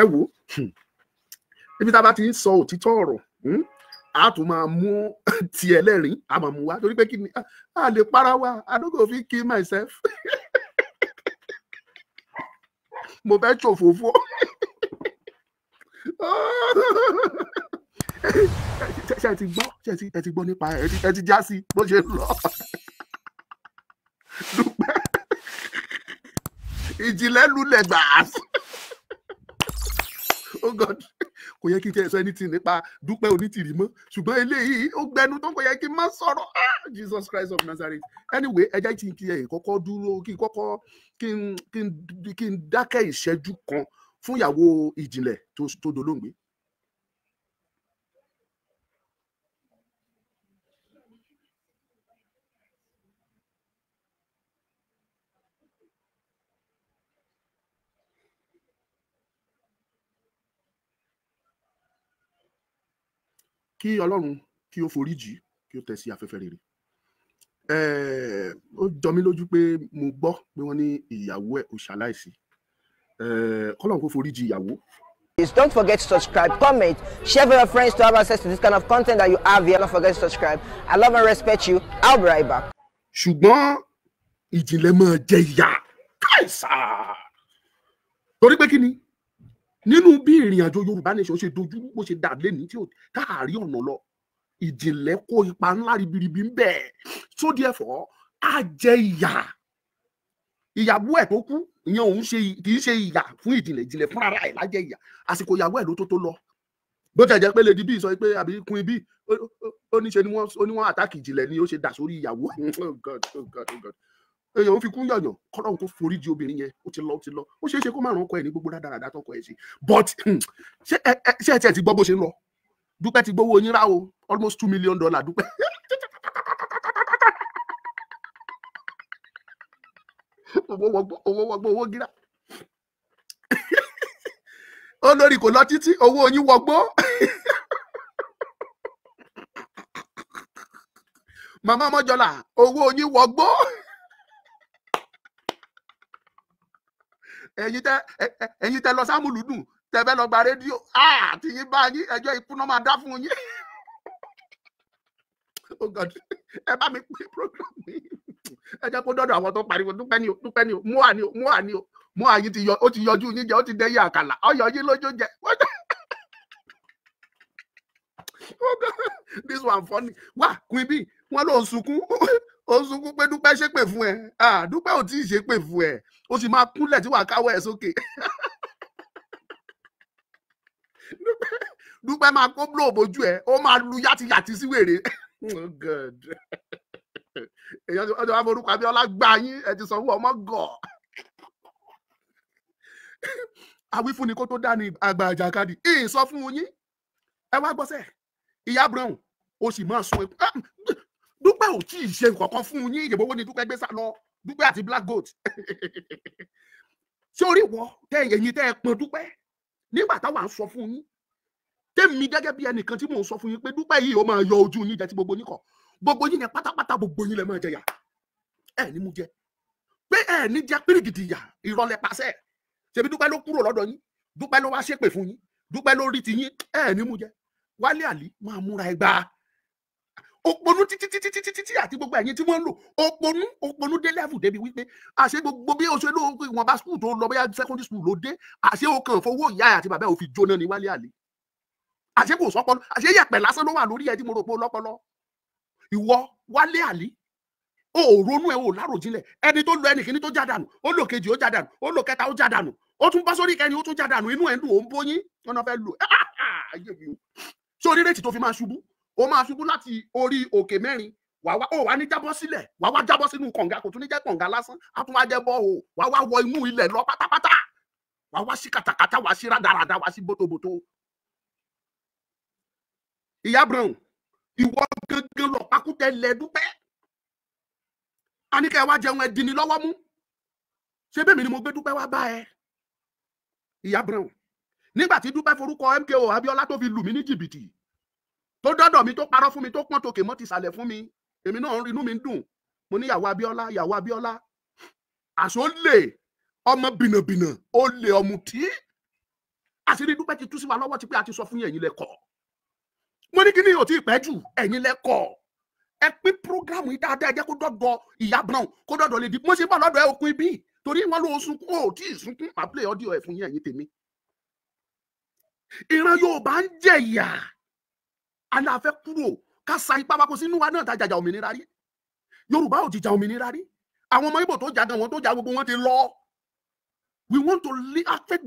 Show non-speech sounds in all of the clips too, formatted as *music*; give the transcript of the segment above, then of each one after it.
ẹ wò ibi tá a bá ti ń sọ òtítọ́ ọ̀rọ̀ hmm, a tún máa mú *laughs* ti ẹlẹ́rìn a máa mú wa torí pé kí ni a lè para wa i no go fit kill myself *laughs* mo fẹ́ ṣòfófó *laughs* ṣe ti gbọ́ ṣe ti gbọ́ nípa ẹ̀ ẹ ti já sí bó ṣe lọ dúpẹ́ ìjìnlẹ̀ lulẹ̀ gbàásù. *laughs* oh God kò yẹ kí n tẹ sọ ẹni tì nípa dúpẹ́ onítìrí mọ́ ṣùgbọ́n eléyìí ó gbẹnu tó kò yẹ kí n má sọ̀rọ̀ ah Jesus Christ of Nazareth anyway ẹjẹ́ kí n kí ẹ kọ́kọ́ dúró kí n kọ́kọ́ kí n kí n dákẹ́ ìṣẹ́jú kan fún ìyàwó ìjìnlẹ̀ tó dolóògbé kí ọlọ́run kí ó forí jì kí ó tẹ̀ sí afẹ́fẹ́ rere ó jọ mí lójú pé mo gbọ́ pé wọ́n ní ìyàwó ẹ̀ kò ṣaláìsí kọ́lọ́run kó forí jì ìyàwó. Please don't forget to subscribe, comment, share with your friends to have access to this kind of content that you have here. Don't forget to subscribe. I love and respect you. I'll be right back. Ṣùgbọ́n ìjìnlẹ̀ máa jẹ ìyá káìsà. Torí pé kí ni? nínú bí ìrìn àjò yorùbá nation ṣe dojú bó ṣe dà lẹ́ni tí tá a ọ̀nà lọ ìjìnlẹ̀ kó ipa ńlá ribiribi ń bẹ̀ so therefore á jẹ ìyà ìyàwó ẹ̀ tó kú ìyẹn òun ṣe kì í ṣe ìyà fún ìjìnlẹ̀ ìjìnlẹ̀ fún ara ẹ̀ lájẹ ìyà àsìkò ìyàwó ẹ̀ ló tó tó lọ bó tẹ̀ jẹ́ pé lady b sọ pé àbí queen b ó ni wọ́n àtàkì ìjìnlẹ̀ ni ó ṣe dà sórí ìyàwó *laughs* oh god oh god oh god èèyàn ń fi kún yàyàn kọ́lọ́hún kó forí jì obìnrin yẹn ó ti lọ ó ti lọ ó ṣeé ṣe kó márùn ọkọ ẹ̀ ní gbogbo rádaràdà tọkọ ẹ̀ ṣe but hmm, ṣé ẹ ṣé ẹ tiẹ̀ ti gbọ́ bó ṣe ń lọ dúpẹ́ ti gbowó yín rà o almost two million dollar dúpẹ́. owó wọgbó owó wọgbó owó gírà olórí kò lọ títí owó yín wọgbó. màmá mọ́jọ́lá owó yín wọgbó. ẹ̀yin tẹ ẹ̀yin tẹ lọ sámúlùdùn tẹ̀fẹ́ lọ gba rédíò ah, àti yín bá yín ẹjọ́ ikú náà máa dá fún yín. *laughs* oh God ẹ bá mi pín program mi ẹ jẹ́ kó dọ́dọ̀ àwọn tó pariwo dúpẹ́ ni o dúpẹ́ ni o mú àní o mú àní o mú àyí ti yọ ó ti yọjú yín jẹ ó ti dẹ́yìn àkàlà ọyọ yín lójó jẹ. *laughs* oh God this one funny wá Queen Bee wọn ló ń sunkún *laughs* ó ń sunkún pé dúpẹ́ ṣépè fún ẹ dúpẹ́ ò tí ì ṣépè fún ẹ ó sì máa kúnlẹ̀ tí wàá káwọ́ ẹ sókè *laughs* dúpẹ́ máa kó bló bójú ẹ ó máa lu yàtìyàtì sí wèrè *laughs* oh èèyàn ti ọjọ́ amorúkọ abiola gbá yín ẹ ti sanwó ọmọ gọ̀ àwífúnni kó tó dání àgbà àjàkadì ìsọfún yín ẹ wá gbọ́sẹ̀ ìyá brown ó sì máa sun ẹkún dúpẹ́ ò tí ì ṣe kankan fún yín ìdìbò owó ni dúpẹ́ gbé sá lọ dúpẹ́ àti black goat sórí *laughs* wọ tẹ ẹ̀yin tẹ ẹ pọn dúpẹ́ nígbà táwa ń sọ fún yín tèmi gẹ́gẹ́ bí ẹnìkan tí mò ń sọ fún yín pé dúpẹ́ yìí ó máa yọ ojú yín jẹ ti gbogbo yín kọ gbogbo yín yẹn pátápátá gbogbo yín lè máa jẹyà ẹ ní mú jẹ pé ẹ ní jẹ pírìgìdì yà ìrọ̀lẹ́ pàṣẹ ṣèbí dúpẹ́ ló kúrò lọ́dọ̀ yín dúpẹ́ ló wá ṣépè fún yín dúpẹ́ ló rí ti yín ẹ ní mú jẹ wálé àlí máa múra ẹgbàá òponú títí títí títí títí àti gbogbo ẹ̀yin tí wọ́n ń lò òponú òponú dé level débi wípé àṣẹ gbogbo bí oṣù ló wọn bá skul tó lọ bóyá secondary school ló dé àṣẹ o kàn fowó ìyá àti bàbá ò fi jóná ní wálé àlè àṣẹ kò sọpọlọ àṣẹ yẹ̀pẹ̀ lásán ló wà lórí ẹ tí mo rò pé lọ́pọlọ ìwọ wálé àlè o ò ronú ẹ o ò láròjinlẹ̀ ẹni tó lo ẹnì kíní tó jádànù ó lò kejì ó jádànù ó lò kẹta ó jádànù ó tún bá sórí kẹrin ó tún jádànù inú ẹ ń dùn ó ń bóyín wọn náà fẹ́ lò sórí *laughs* rètí tó fi máa ṣubú ó máa ṣubú láti orí òkè mẹ́rin wà wá ó wà ní jábọ́ sílẹ̀ wà wá jábọ́ sínú kànga kò tún ní jẹ́ kànga lásán á tún wá jẹ́ bọ́ o wà wá wọ inú ilẹ̀ lọ pátápátá wà wá sí kàtàkàtà wà sí rádaràda wà sí bótobòto. ìyá brown ìwọ gangan lọ pakútẹ lẹdúpẹ àníkẹ́ wá jẹun ẹdín ni lọ́wọ́ mú ṣé bẹ́ẹ̀ mi ni mo gbé dúpẹ́ wá bá ẹ ìyá brown nígbà tí dúpẹ́ forúkọ MKO Abíọ́lá tó fi lù mí ní jìbìtì tó dọ́dọ̀ mi tó parọ́ fún mi tó pọ́n tòkè mọ́ ti sàlẹ̀ fún mi èmi náà inú mi ń dùn mo ní ìyàwó Abíọ́lá ìyàwó Abíọ́lá àṣọ lè ọmọ bìnàbìnà ó lè ọ̀mùtí àṣírí dúpẹ́ ti tú sí wa lọ́wọ́ ti pé a ti sọ fún yín ẹ̀yin lẹ́kọ̀ọ́ mo ní kí ni yóò ti jù ẹ̀yin lẹ́kọ̀ọ́ ẹ pín programu yìí dáadáa ẹ jẹ́ kó dọ́dọ̀ ìyá brown kó dọ́dọ̀ lè di mo ṣe bá lọ́dọ̀ ẹ òkun ibi torí wọn ló sunkún ò tí ì sunkún máa play audio ẹ fún yín ẹ̀yin tèmi ìran Yorùbá ń jẹ̀yà aláfẹ́ kúrò ká sa ipá wa kó sínú wa náà tá jàjà òmìnira rí yorùbá ò ti jà òmìnira rí àwọn ọmọ ibo tó jà gan wọn tó jà gbogbo wọn ti lọ we want to leave,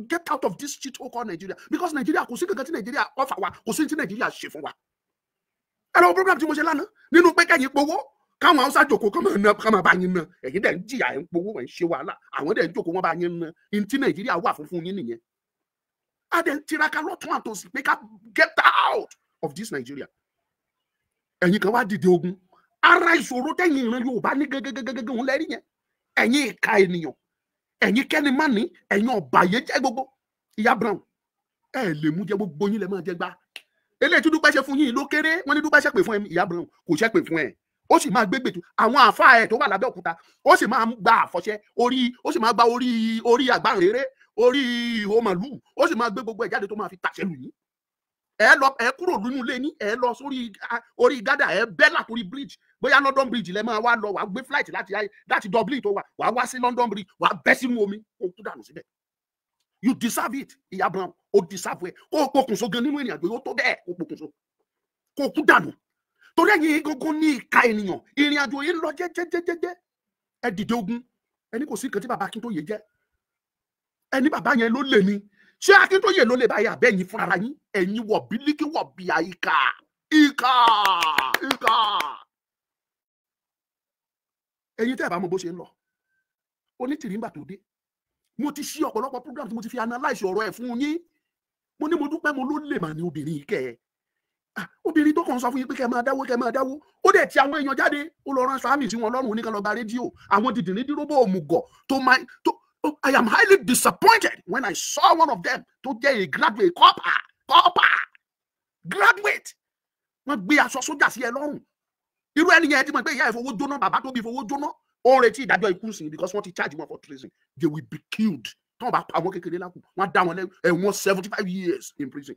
get out of this shit called Nigeria because Nigeria kò sí kankan tí Nigeria ọfà wa kò sí tí Nigeria ṣe fún wa ẹ lọ program tí mo ṣe lánàá nínú pé kẹyìn powó káwọn haúsá jòkó kọ́ máa ná kọ́ máa bá yín ná ẹ̀yin dẹ̀ ń jìyà ẹ̀ ń powó ẹ̀ ń ṣe wàhálà àwọn dẹ̀ ń jòkó wọn bá yín ná ní tí nàìjíríà wà fún fún yín nìyẹn a dẹ̀ ń tiraka lọ́tún àtòsí pé ká get out of this Nigeria ẹ̀yin kan wá dìde ogun ara ìṣòro tẹ̀yìn ìran Yorùbá ní gẹ́gẹ́gẹ́gẹ́ òun lẹ́rí yẹn ẹ̀yin ìka ènìyàn ẹ̀yin kẹ́ni má ní ẹ̀yin ọ̀bàyéjẹ́ gbogbo ìyá Brown ẹ̀ lè mú jẹ gbogbo yín lè máa jẹ gbá eléyìí tí dúpẹ́ ṣe fún yín ló kéré wọ́n ní dúpẹ́ ṣe pè fún ẹ ìyá Brown kò ṣe pè fún ẹ ó sì máa gbégbètò àwọn àfa ẹ tó wà lábẹ́ òkúta ó sì máa gba àfọ̀ṣẹ orí ó sì máa gba orí orí àgbáǹrere orí ìhòmàlú ó sì máa gbé gbogbo ẹ̀ jáde tó máa fi tàṣẹ lù yín ẹ lọ ẹ kúrò nínú ilé ní ẹ lọ sórí orí gádà ẹ bẹ́là torí bridge bóyá London Bridge lẹ máa wá lọ wàá gbé flight láti láti Dublin tó wà wàá wá sí London Bridge wàá bẹ́ sínú omi kó tó dànù síbẹ̀ you deserve it ìyá Brown o deserve it. kó o pokùnso gan nínú ènìyàn gbòòrò tó bẹ́ẹ̀ kó o pokùnso kó o kú dànù torí ẹ̀yin gangan ní ìka ènìyàn ìrìn àjò yìí ń lọ jẹ́jẹ́jẹ́jẹ́ ẹ dìde ogun ẹni kò sí nǹkan tí bàbá Akíntóyè jẹ́ ẹni bàbá yẹn ló lè ní ṣé akíntóye ló lè báyà bẹ́yìn fúnra yín ẹ̀yin wọ̀ bílíkì wọ̀ bíà ìkà ìkà ìkà ẹ̀yin tẹ́ ẹ̀ bá mọ bó ṣe ń lọ onítìrìngbà tó dé mo ti ṣí ọ̀pọ̀lọpọ̀ program tí mo ti fi analyse ọ̀rọ̀ ẹ̀ fún yín mo ní mo dúpẹ́ mo ló lè mà ní obìnrin yìí kẹ́ ẹ̀ ah, obìnrin tó kàn sọ fún yín pé kẹ́ máa dáwó kẹ́ máa dáwó ó dẹ̀ ti àwọn èèyàn jáde ó lọ rán sáàmì sí wọn lọ́rùn oníkan rédíò àwọn dìdìrín díró òmùgọ̀ tó máa Oh, I am highly disappointed when I saw one of them today. a graduate copper copper graduate. Wọ́n gbé aṣọ sójà sí ẹ lọ́rùn. Irú ẹni yẹn ti mọ̀ pé ìyá ẹ̀ fowó jóná bàbá tó bí fowó jóná. Ó ń retí ìdájọ́ ikú sí because wọ́n ti charge wọn for treason. They will be killed. Tí wọ́n bá pa àwọn kékeré lákùn, wọ́n á dá wọn ẹ̀wọ̀n seventy five years in prison.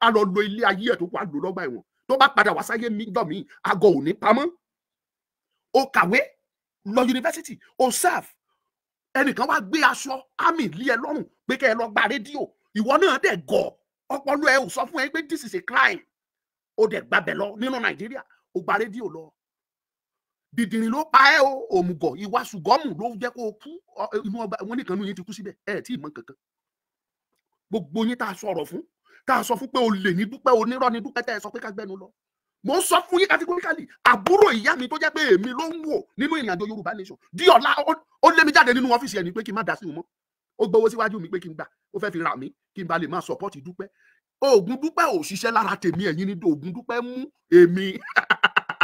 A lọ lo ilé ayé ẹ̀ tó kọ́ àlò lọ́gbà ẹ̀wọ̀n. Tó bá padà wá sáyé mi dọ̀ mí, àgọ́ ò ní pamọ́. O kàwé lọ yunifásitì, o serve ẹnìkan wá gbé aṣọ àmì lé ẹ lọ́rùn pé kẹ́ ẹ lọ gba rédíò ìwọ náà dẹ̀ gọ̀ ọpọlọ ẹ ò sọ fún ẹ pé this is a crime ó dẹ̀ gbabẹ̀ lọ nínú nàìjíríà ó gba rédíò lọ dìdìrín ló pa ẹ o òmùgọ̀ ìwà ṣùgọ́mù ló jẹ́ kó o kú inú ọba wọn nìkan nínú yín ti kú síbẹ̀ ẹ tí ì mọ̀ kankan gbogbo yín tá a sọ̀rọ̀ fún tá a sọ fún pé o lè ní dúpẹ́ onírọ́ ní dúpẹ́ tẹ́ ẹ sọ pé ká gbẹ́nu lọ mo ń sọ fún yín categorically àbúrò ìyá mi tó jẹ́ pé èmi ló ń wò nínú ìrìnàjò yorùbá nation di ọ̀la ó lé mi jáde nínú ọ́fíìsì ẹni pé kí n má dá sí wọn mọ́ ó gbowó síwájú mi pé kí n gbà ó fẹ́ fi rà mí kí n ba lè máa sọ̀pọ́tì dúpẹ́ oògùn dúpẹ́ ò ṣiṣẹ́ lára tèmi ẹ̀yin ní oògùn dúpẹ́ mú èmi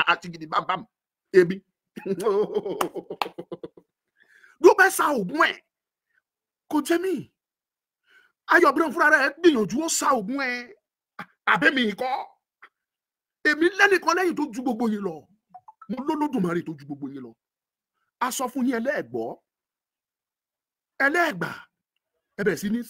àti *laughs* gidi bámbám èmi *laughs* dúpẹ́ sa oògùn ẹ̀ kò jẹ́ mí ayọ̀bìrán fúnra rẹ̀ gbìyànjú ó sa oògùn ẹ̀ àbẹ́mi kọ́ èmi lẹ́nìkan lẹ́yìn tó ju gbogbo yín lọ mo lólódùmarè tó ju gbogbo yín lọ a sọ fún yín ẹlẹ́ẹ̀gbọ́ ẹlẹ́ẹ̀gbà ẹbẹ̀ sí ní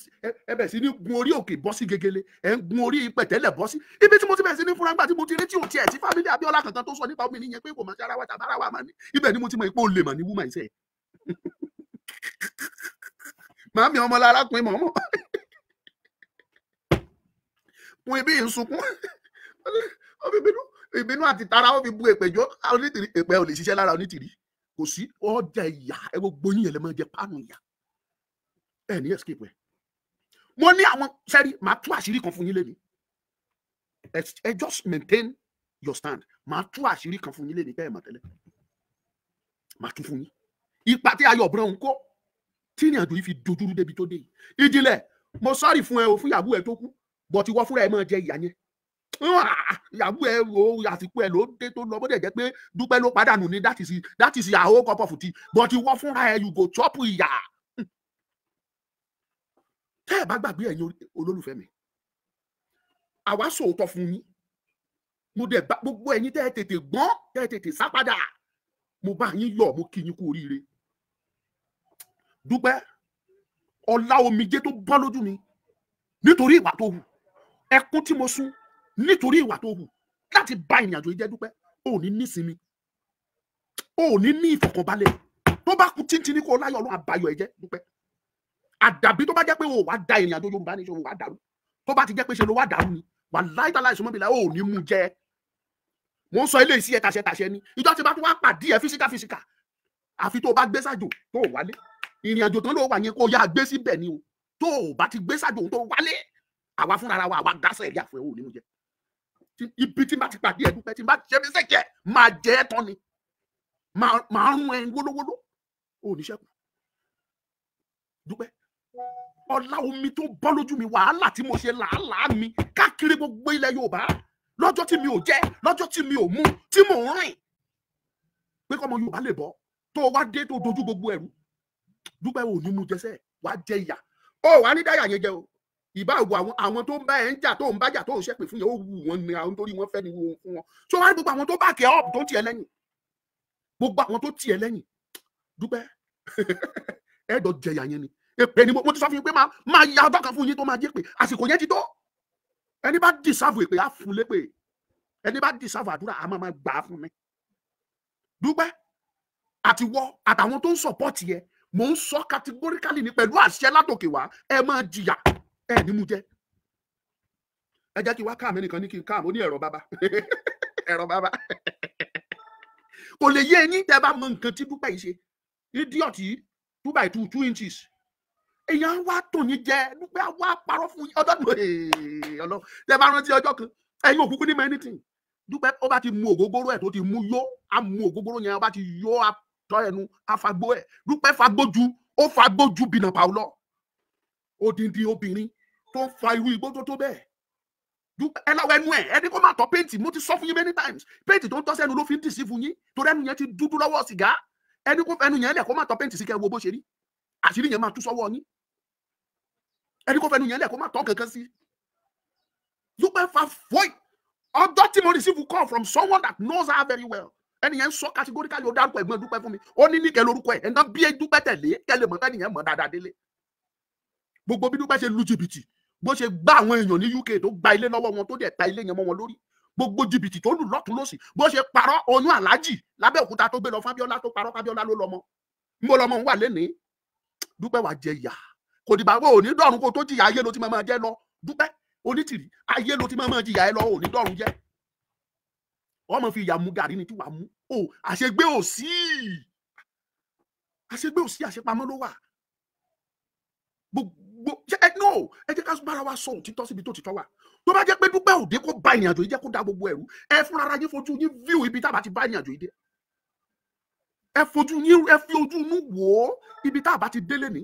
ẹbẹ̀ gun orí òkè bọ́ sí gegele ẹ̀ ń gun orí pẹ̀tẹ́lẹ̀ bọ́ sí ibi tí mo ti bẹ̀ sí ní fúnra gbà tí mo ti rí tí ò tiẹ̀ sí fámílì Abíọ́lá kankan tó sọ nípa omi nìyẹn pé kò máa ṣe ara wa tàbí ara wa máa ní ibẹ̀ ni mo ti mọ ìpò olè mà ní wúmà ìṣe *laughs* màámi ọmọ lára pin mọ́mọ́ pin bí n ó fi bínú ìbínú àti tara ó fi bu èpèjọ onítìrí èpè ò lè ṣiṣẹ́ lára onítìrí kò sí ọjà ìyá ẹ gbogbo yín ẹlẹmọ jẹ pánù ìyá ẹ ní escape ẹ mo ní àwọn sẹ́rí màá tú àṣírí kan fún yín lẹ́nu ẹ just maintain your stand màá tú àṣírí kan fún yín lẹ́nu kẹ́ ẹ̀ mà tẹ́lẹ̀ màá tú fún yín ipa tí ayọ̀ ọ̀bùrọ̀ ń kó tí ìrìn àjò yìí fi dojúrú débi tó dé yìí ìdílé mo sọ́ọ̀rì fún ẹ o fún ìyàwó ẹ tó kú bọ̀tí wọ́n fúnra ẹ máa jẹ ìyá yẹn Ah, ìyàwó ẹ o àsìkò ẹ ló dé tó lọ bóde jẹ pé dúpẹ́ ló pàdánù ni that is that is your whole cup of tea but ìwọ fúnra ẹ you go chop ìyà hmm. tẹ́ ẹ bá gbàgbé ẹ̀yin olólùfẹ́ mi àwa sòótọ́ fún yín mo dẹ̀ bá gbogbo ẹ̀yin tẹ́ ẹ tètè gbọ́n tẹ́ ẹ tètè sá padà mo bá yín yọ̀ mo kí yín kú oríire dúpẹ́ ọlá omijé tó bọ́ lójú mi nítorí ìwà tó hù ẹkún tí mo sún nítorí ìwà tó hù láti bá ìrìn àjò yìí jẹ́ dúpẹ́ o ò ní nísinmi o ò ní ní ìfọ̀kànbalẹ̀ tó bá kú tíntìní kó o láyọ̀ ọlọ́run àbáyọ̀ ẹ̀ jẹ́ dúpẹ́ àdàbí tó bá jẹ́ pé o wà da ìrìn àjò yorùbá nation wà dàrú tó bá ti jẹ́ pé ṣe ló wà dàrú ni wà láìdáláì sọmọ́bì láì ò ní mú jẹ́ mo ń sọ eléyìí sí ẹ tàṣẹ tàṣẹ ni ìjọ tí bá tún wá pàdé ẹ físíkà físíkà àfi tó o bá gbé sàjò tó o wálé ìrìn àjò tán ló wà yẹn kó o yá gbé síbẹ̀ ni o tó o bá ti gbé sàjò tó o wálé àwa fúnra wa àwa gásẹ̀ ẹ̀rí àfọ̀ ẹ̀ ò ní mú jẹ́ ibi tí n bá ti pàdé ẹ dúpẹ́ tí n bá ti ṣe mí sẹkẹ máa jẹ ẹ tán ni máa rún ẹ wólówóló ò ní ṣẹ́kù dúpẹ́ ọlá omi tó bọ́ lójú mi wàhálà tí mo ṣe làálàá mi káàkiri gbogbo ilẹ̀ Yorùbá lọ́jọ́ tí mi ò jẹ lọ́jọ́ tí mi ò mu tí mò ń rìn pé kọ́mọ Yorùbá lè bọ́ tó wá dé tó dojú gbogbo ẹ̀rú dúpẹ́ ò ní mu jẹsẹ̀ wá jẹ ìyà ó wà ní dáyà yẹn jẹ o ìbá wo àwọn àwọn tó ń bá ẹ ń jà tó ń bájà tó ń ṣẹpè fún yẹn ó wù wọn ni àwọn torí wọn fẹ́ ni wọn fún wọn so wọn rí gbogbo àwọn tó bá kẹ ọp tó tiẹ̀ lẹ́yìn gbogbo àwọn tó tiẹ̀ lẹ́yìn dúpẹ́ *laughs* ẹdọ jẹyà yẹn ni èpè ni mo ti sọ fún yín pé máa máa ya ọdọ kan fún yín tó máa jẹ pé àsìkò yẹn ti tó ẹni bá dìsáàfù èpè á fún lépè ẹni bá dìsáàfù àdúrà á máa máa gbà á fún mi dúpẹ́ àtiwọ àtàwọn tó ń sọpọ́ọ̀tì yẹ mò ń sọ categorically ni pẹ̀lú àṣẹ látòkè wá ẹ máa jìyà ẹ ní mú jẹ ẹ jẹ́ kí wá káàmù ẹnìkan ní kí n káàmù ó ní ẹ̀rọ bàbá *laughs* ẹ̀rọ bàbá *laughs* kò lè yé eyín tẹ́ bá mọ nǹkan tí dúpẹ́ yìí ṣe idiot yìí two by two two inches èèyàn wá tàn yín jẹ dúpẹ́ wá parọ́ fún yín ọdọ́dún ọlọ́ tẹ́ bá rántí ọjọ́ kan ẹ̀yin òkúkú ní mẹ́nítìn dúpẹ́ ó bá ti mu ògógóró ẹ̀ tó ti mú yó á mu ògógóró yẹn ó bá ti yó àtọ́ ẹnu àfagbó ẹ̀ dúpẹ́ fagbójú ó fagbójú bìnàpá lọ odindi obìnrin tó ń fa irú igbó tó tó bẹ́ẹ̀ ẹ láwọ ẹnu ẹ ẹni kó má tọ́ péǹtì mo ti sọ fún yín many times péǹtì tó ń tọ́ sẹ́nu ló fi ń dìsí fún yín torí ẹnu yẹn ti dúdú lọ́wọ́ sìgá ẹni kó fẹnu yẹn lẹ̀ kó má tọ́ péǹtì sí kẹ́ wo bó ṣe rí àṣírí yẹn máa tú sọ́wọ́ yín ẹni kó fẹnu yẹn lẹ̀ kó má tọ́ kankan sí Dúpẹ́ fa void ọjọ́ tí mo receive a call from someone that knows her very well ẹni yẹn ń sọ categorically ó dárúkọ ẹ̀gbọ́n Dúpẹ́ fún mi ó ní ní kẹ́ lórúkọ ẹ̀ ẹ̀ ń tán bí Dúpẹ́ tẹ̀lé kẹ́ lè mọ̀ tẹ́ni yẹn mọ̀ dáadáa délé gbogbo bí dúpẹ́ ṣe lu jìbìtì bó ṣe gbá àwọn èèyàn ní UK tó gba ilé lọ́wọ́ wọn tó dẹ̀ ta ilé yẹn mọ́ wọn lórí gbogbo jìbìtì tó lù lọ́tún lọ́sì bó ṣe parọ́ oyún aláàjì lábẹ́òkúta tó gbé lọ fábíọ́lá tó parọ́ fábíọ́lá ló lọ́mọ mo lọ́mọ ń wà lẹ́nìí dúpẹ́ wàá jẹ ìyà kò dìgbà pé òní dọ̀run kó tó jìyà ayé ló ti máa jẹ lọ dúpẹ́ onítìrì ayé ló ti máa jìyà ẹ lọ òní dọ̀run jẹ́ wọ́n mọ̀ fi ìyà mu gàrí ni tí wàá mú o àṣegbé ò sí àṣegbé ò sí àṣepamọ́ ló wà gbogbo gbogbo ẹ no ẹ jẹ́ ká bára wa sọ òtítọ́ síbi tó títọ́ wà tó bá jẹ́ pé dúpẹ́ òde kó ba ìrìnàjò yìí jẹ́ kó da gbogbo ẹ̀rú ẹ fúnra ara yín fojú yín fíw ibi tá a bá ti bá ìrìnàjò yìí dé ẹ fojú yín ẹ fi ojú inú wò ó ibi tá a bá ti délé ní.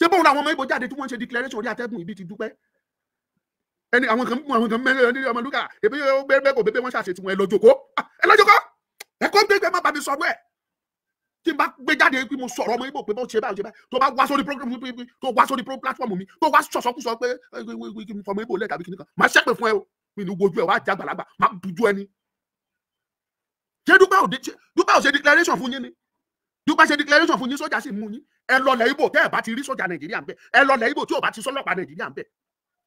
ṣé bóun làwọn ọmọ ibo jáde tí wọ́n ń ṣe declaration orí atẹ́gùn ibi ti dúpẹ́ ẹni àwọn kan àwọn kan mẹ́rin ní ọmọ lúkà ebi bẹ́ẹ̀ kò bẹ́ẹ̀ wọ́n ṣàṣetì wọn ẹ lọ́jọ́kọ́ ah, ẹ lọ́jọ́kọ́ ẹ kó gbé gbé má bàbí sọ tí n bá gbé jáde pé mo sọ̀rọ̀ ọmọ ibo pé bó ṣe báyìí ṣe báyìí tó bá wá sórí program mi tó wá sórí platform mi tó wá sọ̀sọ́kùsọ pé ọmọ ibo lẹ́ẹ̀dàbí kìnìkan máa ṣẹ́pẹ̀ fún ẹ o mi ní wojú ẹ wá jẹ àgbàlagbà máa bujú ẹni. ṣé dúpẹ́ ò dúpẹ́ ò ṣe declaration fún yín ni dúpẹ́ ṣe declaration fún yín sọ́jà sì mú yín ẹ lọlẹ̀ ibo tẹ́ ẹ bá ti rí sọ́jà nàìjíríà ńbẹ ẹ lọlẹ̀ ibo tí ò bá ti sọ́lọ́pàá nàìjíríà ńbẹ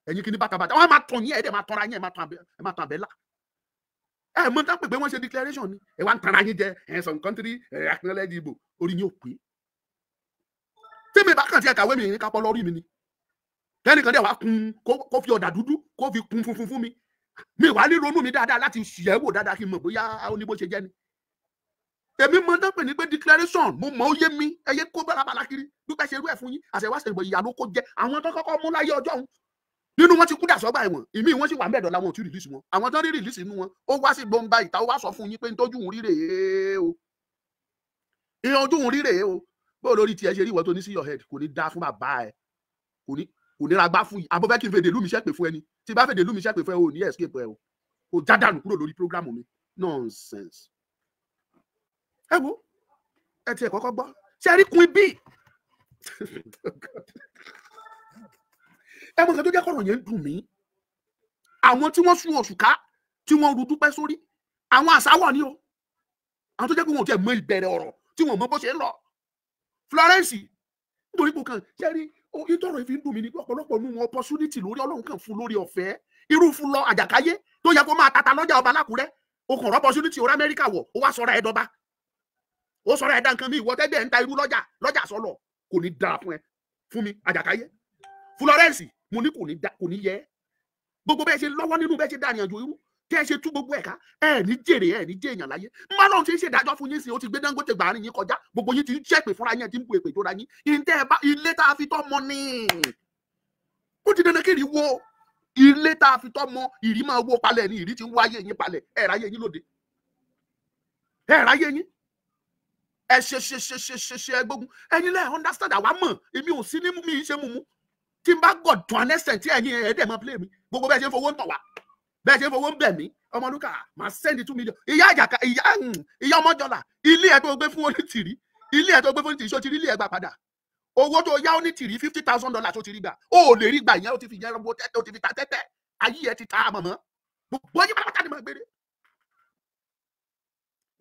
ẹ̀yin kìíní bàtàbàtà wọ́n máa tàn yín ẹ̀ dẹ̀ máa tanra yín ẹ̀ máa tàn àbẹ́là ẹ mọ tán pé pé wọn ṣe declaration ni ẹ wá ń tara yín jẹ ẹ some country ẹ acknowledge Igbo orí yín ò pé tèmi bá kàn sí ẹka wẹmi ìrìn kápọ lórí mi ni tẹnìkan dẹ wàá kun kó fi ọ̀dà dúdú kó fi kun funfun fún mi mi wàá ní ronú mi dáadáa láti ṣìyẹ wò dáadáa kí n mọ bóyá ó ní bó ṣe jẹ ni èmi mọ tán pé ní pé declaration mo mọ oyé mi ẹyẹ kó bàlàbàlà kiri dúpẹ́ ṣe irú ẹ̀ fún yín àṣẹwáṣẹ ìbò ìyá ló kó jẹ àwọn tó kọ́kọ́ mú láyé ọjọ́ òun nínú wọn ti kú dàsọ́gbà ẹ̀wọ̀n ìmí wọn sì wà mẹ́ẹ̀dọ̀ làwọn ò tí rìlísì wọn àwọn tán rí rìlísì inú wọn ó wá sí gbọmba ìta ó wá sọ fún yín pé ntójú òun rí rèé o ìyẹn ojú òun rí rèé o bó lórí tiẹ̀ ṣe rí ìwọ tó ní sí your head kò ní dá fún bàbá ẹ kò ní kò ní ra gbá fún yìí abọ́fẹ́ kí n fèdè lùmíṣẹ́ pè fún ẹni tí bá fèdè lùmíṣẹ́ pè fún ẹ o ní escape ẹ o kò já dànù kúrò lórí prógrámù mi nonsense. ẹ wo ẹ tiẹ̀ kọ́kọ́ gbọ́ ṣe é rí kun ibi. *laughs* ẹ̀wọ̀n kan tó jẹ́ kọ̀rọ̀ yẹn ń dùn mí àwọn tí wọ́n sun òṣùká tí wọ́n ru dúpẹ́ sórí àwọn àsáwọ̀ ni o àwọn tó jẹ́ pé wọn ò tiẹ̀ mọ ìbẹ̀rẹ̀ ọ̀rọ̀ tí wọ́n mọ bó ṣe ń lọ Florence nítorí pé kan ṣe rí ìtọ́rọ̀ ìfi ń dùn mí ní ọ̀pọ̀lọpọ̀ nù wọn opportunity lórí Ọlọ́run kan fún lórí ọ̀fẹ́ irú fún lọ àjàkáyé tó yẹ kó máa tata lọ́jà ọba lákùrẹ́ o kàn rọ́pọ̀ opportunity orí Amẹ́ríkà wọ̀ ó wá sọ̀rọ̀ ẹ̀dọ́ba ó sọ̀rọ̀ ẹ̀dá nǹkan mi ìwọ tẹ́gbẹ́ ń ta irú lọ́jà lọ́jà sọ̀lọ̀ kò ní dáa fún ẹ fún mi àjàkáyé Florence mo ní kò ní da kò ní yẹ gbogbo bẹ́ẹ̀ ṣe lọ́wọ́ nínú bẹ́ẹ̀ ṣe dànìyàn ju irú tẹ́ ẹ ṣe tú gbogbo ẹ̀ ká ẹ ní jèrè ẹ ní jèèyàn láyé má lóun ṣe ń ṣèdájọ́ fún yín sí o ti gbé Dangote gbàárín yín kọjá gbogbo yín ti ń ṣẹ̀pẹ̀ fúnra yín ẹ ti ń bu èpè tó ra yín ilé tá a fi tọ́ mọ ni ó ti dandan kiri wo ilé tá a fi tọ́ mọ ìrí máa wó palẹ̀ ni ìrí ti ń wáyé yín palẹ̀ ẹ̀ ráyé yín lóde ẹ̀ ráyé yín ẹ̀ ṣe ṣe ṣe ṣe ṣe ẹgbógun ẹ̀yin lẹ́ẹ̀ understand àwa mọ̀ èmi ò sí ní mi ṣe mú mú tí n bá gọ̀dùn anẹ́sẹ̀ tí ẹ̀yin ẹ̀ẹ́dẹ̀ máa play mi gbogbo bẹ́ẹ̀ ṣe ń fowó ń tọ̀ wá bẹ́ẹ̀ ṣe ń fowó ń bẹ̀ mí ọmọlúkà máa sẹ́ndì two million ìyá àjàkà ìyá hmm, ìyá ọmọjọlá ilé ẹ̀ tó gbé fún onítìrí ilé ẹ̀ tó gbé fún onítìrí ṣó ti rí ilé ẹ̀ gbà padà owó tó yá onítìrí fifty thousand dollars tó ti rí gbà ó lè rí gbà ìyẹn ó ti fi yẹn rọ́bù tẹ́tẹ́ ó ti fi ta tẹ́tẹ́ ayé ẹ̀ ti ta mọ̀mọ́ gbogbo yín pátá ni màá gbére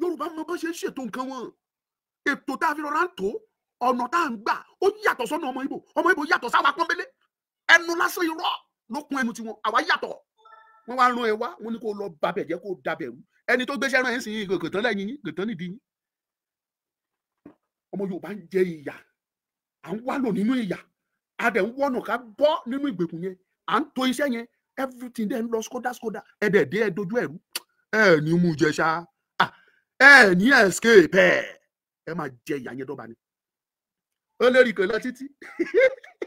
yorùbá mọ bó ṣe ń ṣètò nǹkan wọn ètò tá a fi rọra ń tó ọ̀nà tá a ń gbà ó yàtọ̀ sọ́nà ọmọ ibo ọmọ ibo yàtọ̀ sáwa pọ́nbélé ẹnu lásán irọ́ ló kún ẹnu tiwọn àwa yàtọ̀ wọn wá rán ẹ wá wọn ní kó lọ babẹ jẹ kó dabẹ rú ẹni tó gbéṣẹ́ rán ẹ sì gògòtán lẹ́yìn yín gògòtán nìdí yín ọmọ Yorùbá ń jẹ ìyà à ń wálò nínú ìyà a dẹ̀ ń wọ̀nà ká bọ́ nínú ìgbèkùn yẹn à ń to iṣẹ́ yẹn everything dẹ̀ ń lọ skoda skoda ẹ dẹ̀ dé ẹ dojú ẹ̀rú ẹ ní mú jẹ ṣá ẹ ní escape ẹ ẹ máa jẹ ìyà yẹn dọ́ba ni ó lérí kò lọ títí *laughs*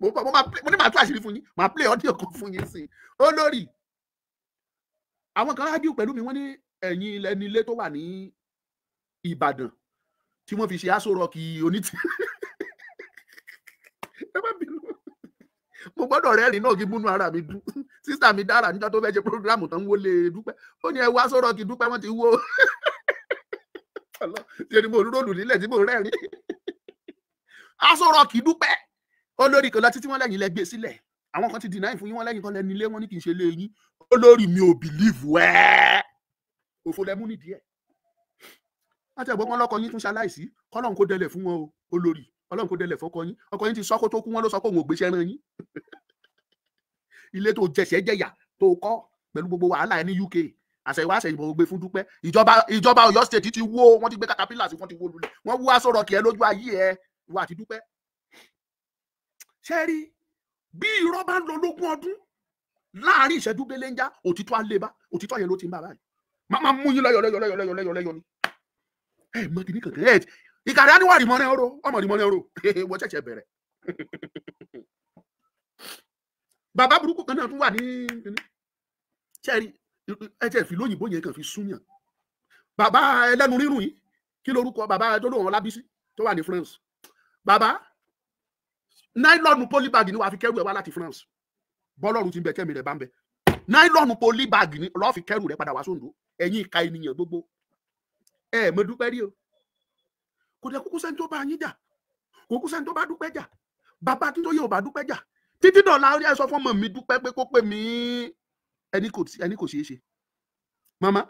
mo bá mo máa mo ní màá tún àṣírí fún yín màá play audio kan fún yín sí i olórí àwọn kan ájú pẹ̀lú mi wọ́n ní ẹ̀yìn ẹni ilé tó wà ní Ìbàdàn tí wọ́n fi ṣe aṣọ onítì *laughs* mo gbọ́dọ̀ rẹ́rìn náà kí múnú ara mi dùn sísá mi dára níjọ́ tó fẹ́ ṣe programu tán wọlé dúpẹ́ ó ní ẹ wá aṣọ dúpẹ́ wọ́n ti wó. *laughs* ọlọ tí mo rólù nílẹ̀ tí mo rẹ́rìn aṣọ rọọkì dúpẹ́ olórí kan lọ títí wọn lẹ́yìn lẹ gbé sílẹ̀ àwọn kan ti dìnnà ìfún yín wọn lẹ́yìn kan lẹni ilé wọn ní kì í ṣe lé yín olórí mi ò bìlíìfù ẹ òfò lẹmú nídìí ẹ láti ẹ̀gbọ́n kan lọ́kọ yín tún ṣaláìsí kọ́lọ́n kó dẹlẹ̀ fún wọn o olórí kọ́lọ́n kó dẹlẹ̀ fọ́kọ yín ọkọ yín ti sọ́kó tó kú wọn ló sọ pé òun ò gbéṣẹ́ rán yín ilé tó jẹsẹ̀ jẹyà tó kọ́ pẹ̀lú gbogbo wàhálà ẹ ní UK àṣẹ ìwà àṣẹ ìbò gbé fún dúpẹ́ ìjọba ìjọba Ọ̀yọ́ state ti wó wọ́n ti gbé caterpillar sí wọ́n ti wó lulẹ̀ wọ́n wú aṣọ rọkì ẹ lójú ayé ẹ ìwà àti dúpẹ́. ṣé rí bí irọ́ bá ń lọ lógún ọdún láàárín ìṣẹ́jú belenja òtítọ́ aleba òtítọ́ yẹn ló ti ń bá báyìí má má mú yín lọ́yọ̀ lọ́yọ̀ lọ́yọ̀ lọ́yọ̀ lọ́yọ̀ lọ́yọ̀ ni. ẹ mọ kìíní kankan ẹ ìkàrí á ní wàá rí mọ́rẹ́ ọ̀rọ̀ ọmọ rí mọ́rẹ́ ọ̀rọ̀ wọ́n ṣẹ̀ṣẹ̀ bẹ̀rẹ̀. *laughs* bàbá burúkú kan náà tún wà ní ṣẹ́ẹ̀rì ẹ tẹ̀ fi lóyìnbó yẹn kàn fi súnyàn bàbá ẹlẹ́nu rírùn yìí kí lorúkọ bàbá adólóhùn ọlábísí tó wà ní France bàbá náílọ́ọ̀nù pólíbàgì ni wàá fi kẹ́rù ẹ̀ wá láti France bọ́lọ́run ti ń bẹ kẹ́mi rẹ̀ bá ń bẹ náílọ́ọ̀nù pólíbàgì ni lọ́ọ́ fi kẹ́rù rẹ̀ padà wá sóńdó ẹ̀yìn ìka ènìyàn gbogbo ẹ̀ mọ dúpẹ́ rí o kò dẹ̀ kúkú sẹ́ni tó bá yín jà kò kúkú sẹ́ni tó bá dúpẹ́ jà bàbá tó yẹ ò bá dúpẹ́ jà títí dọ̀la ẹ sọ fún ọmọ mi dúpẹ́ pé kó pè mí ẹni kò ẹni kò ṣeé ṣe mama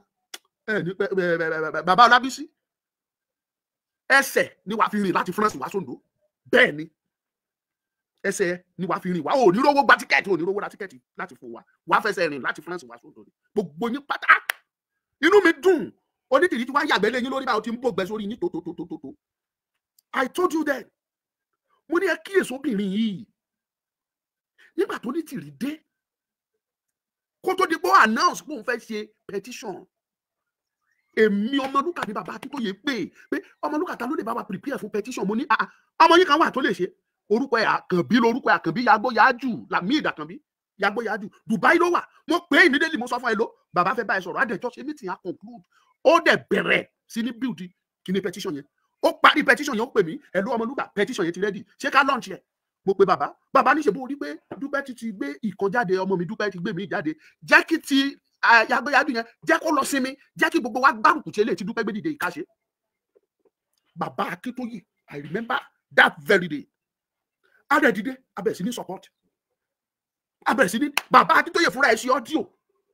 ẹni bàbá ọlábísí ẹsẹ̀ ni wàá fi rìn láti France wá sóńdó bẹ́ẹ̀ ni ẹsẹ̀ ni wàá fi rìn wá onírówó gba tíkẹ́ẹ̀tì onírówó ra tíkẹ́ẹ̀tì láti fò wá wàá fẹsẹ̀ rìn láti France wá sóńdó gbogbo yín pátá inú mi dùn onídìrí tí wàá yàgbẹ́ lé yín lórí báwo ti ń bògbẹ́ sórí yín tòtòtòtòtò I told you that mo ní ẹ kíyèsí obìnrin yìí nígbà tó ní tìrì dé ó announce pé òun fẹ́ ṣe petition èmi ọmọlúkà ní bàbá akíntóye pé pé ọmọlúkà ta ló lè bá wa prepare fún petition mo ní ah, ah, ọmọ yín kan wà tó lè ṣe orúkọ ẹ̀ àkànbí lórúkọ ẹ̀ àkànbí yàgbó yájú làmí ìdàkànbí yàgbó yájú Dubai ló wà mo pè é immediately mo sọ fún ẹ ló bàbá fẹ́ bá ẹ sọ̀rọ̀ adẹjọ ṣe meeting a conclude ó dẹ̀ bẹ̀rẹ̀ sí ní build kí ni petition yẹn ó parí petition yẹn ó pè mí ẹ ló ọmọlúkà petition yẹn ti ready ṣé ká launch yẹn mo pe bàbá bàbá níṣẹ́ bó rí pé dúpẹ́ ti ti gbé ìkan jáde ọmọ mi dúpẹ́ ti gbé mi jáde jẹ́ kí ti yagbéyadú yẹn jẹ́ kó lọ sinmi jẹ́ kí gbogbo wa gbárùkù tí eléyìí ti dúpẹ́ gbé dìde ìkáṣe. bàbá akíntóyè i remember that very day ara ẹ̀dídé abẹ̀sí ní support abẹ̀sí ní bàbá akíntóyè fúnra ẹ̀ sí ọ́díò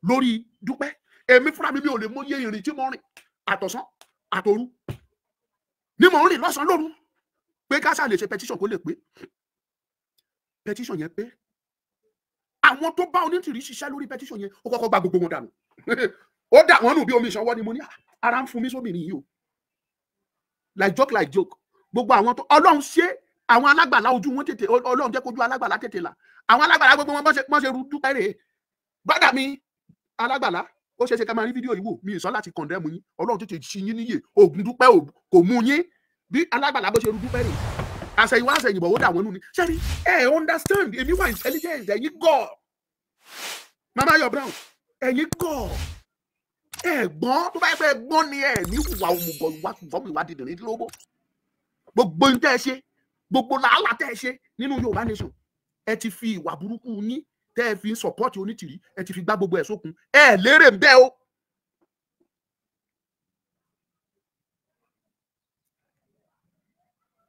lórí dúpẹ́ èmi fúnra mi mi ò lè mọ iye ìrìn tí mo rìn àtọ̀sán àtòru ni mo rìn lọ́sàn-án lóru pé káṣá lè ṣe petition kó lè pé petition yẹn pé àwọn tó bá onítìrí ṣiṣẹ́ lórí petition yẹn ó kọ́kọ́ gba gbogbo wọn dànù *laughs* ó dà wọ́n nù bí omi ìṣanwọ́ ni mo ní ah, ara ń fún mi sóbìnrin yìí o like joke like joke gbogbo àwọn tó ọlọ́run ṣe àwọn alágbàlá ojú wọn tètè ọlọ́run jẹ́ kójú alágbàlá tètè là àwọn alágbàlá gbogbo wọn bọ́n ṣe rú dúpẹ́ rèé brother mi alágbàlá ó ṣeéṣe ká máa rí fídíò yìí wò mi ìsọ láti condemn yín ọlọ́run tètè ṣí yín níyè ògùn dúpẹ́ kò mú yín bí alágbàlá bó ṣe rú dúpẹ́ rèé àṣẹyìnwá àṣẹyìnbọ̀ ó dà wọ́n nù ni ṣẹ́ni ẹ understand èmi wà intelligent ẹ̀yin gọ̀ mama yọ brown ẹ̀yin gọ̀ ẹ̀gbọ́n tó bá yẹ pé ẹ̀gbọ́n ni ẹ̀ ní ìwà òmùgọ̀ ìwà ìfọ́mù ìwà dìdìrín lógún gbogbo ní tẹ́ ẹ ṣe gbogbo làálà tẹ́ ẹ ṣe nínú Yorùbá nation ẹ ti fi ìwà burúkú yín tẹ́ ẹ fi ń support onítìrí ẹ ti fi gbá gbogbo ẹ̀ sókun ẹ lérè ń bẹ́ o.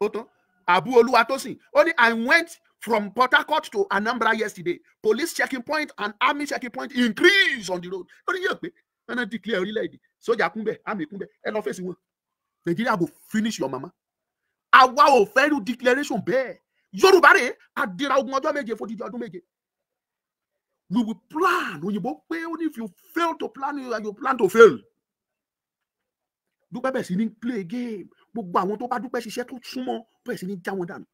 ó tán abu oluwatosin ó i went from port harcourt to anambra yesterday police checking point and army checking point increase on the road Only ní yóò pé wọn náà declare orílẹ̀-èdè sójà kúnbẹ̀ army kúnbẹ̀ ẹ lọ fèsì wọn nàìjíríà go finish your mama àwa ò fẹ́ irú declaration bẹ́ẹ̀ yorùbá rè àdìrà ogun ọjọ́ méje fòdìdí ọdún méje we will plan òyìnbó pé ó ní if you fail to plan you plan to fail dúpẹ́ bẹ̀ sí ní play game gbogbo àwọn tó bá dúpẹ́ ṣiṣẹ́ tó súnmọ́ bẹ̀rẹ̀ sí ní já wọn dànù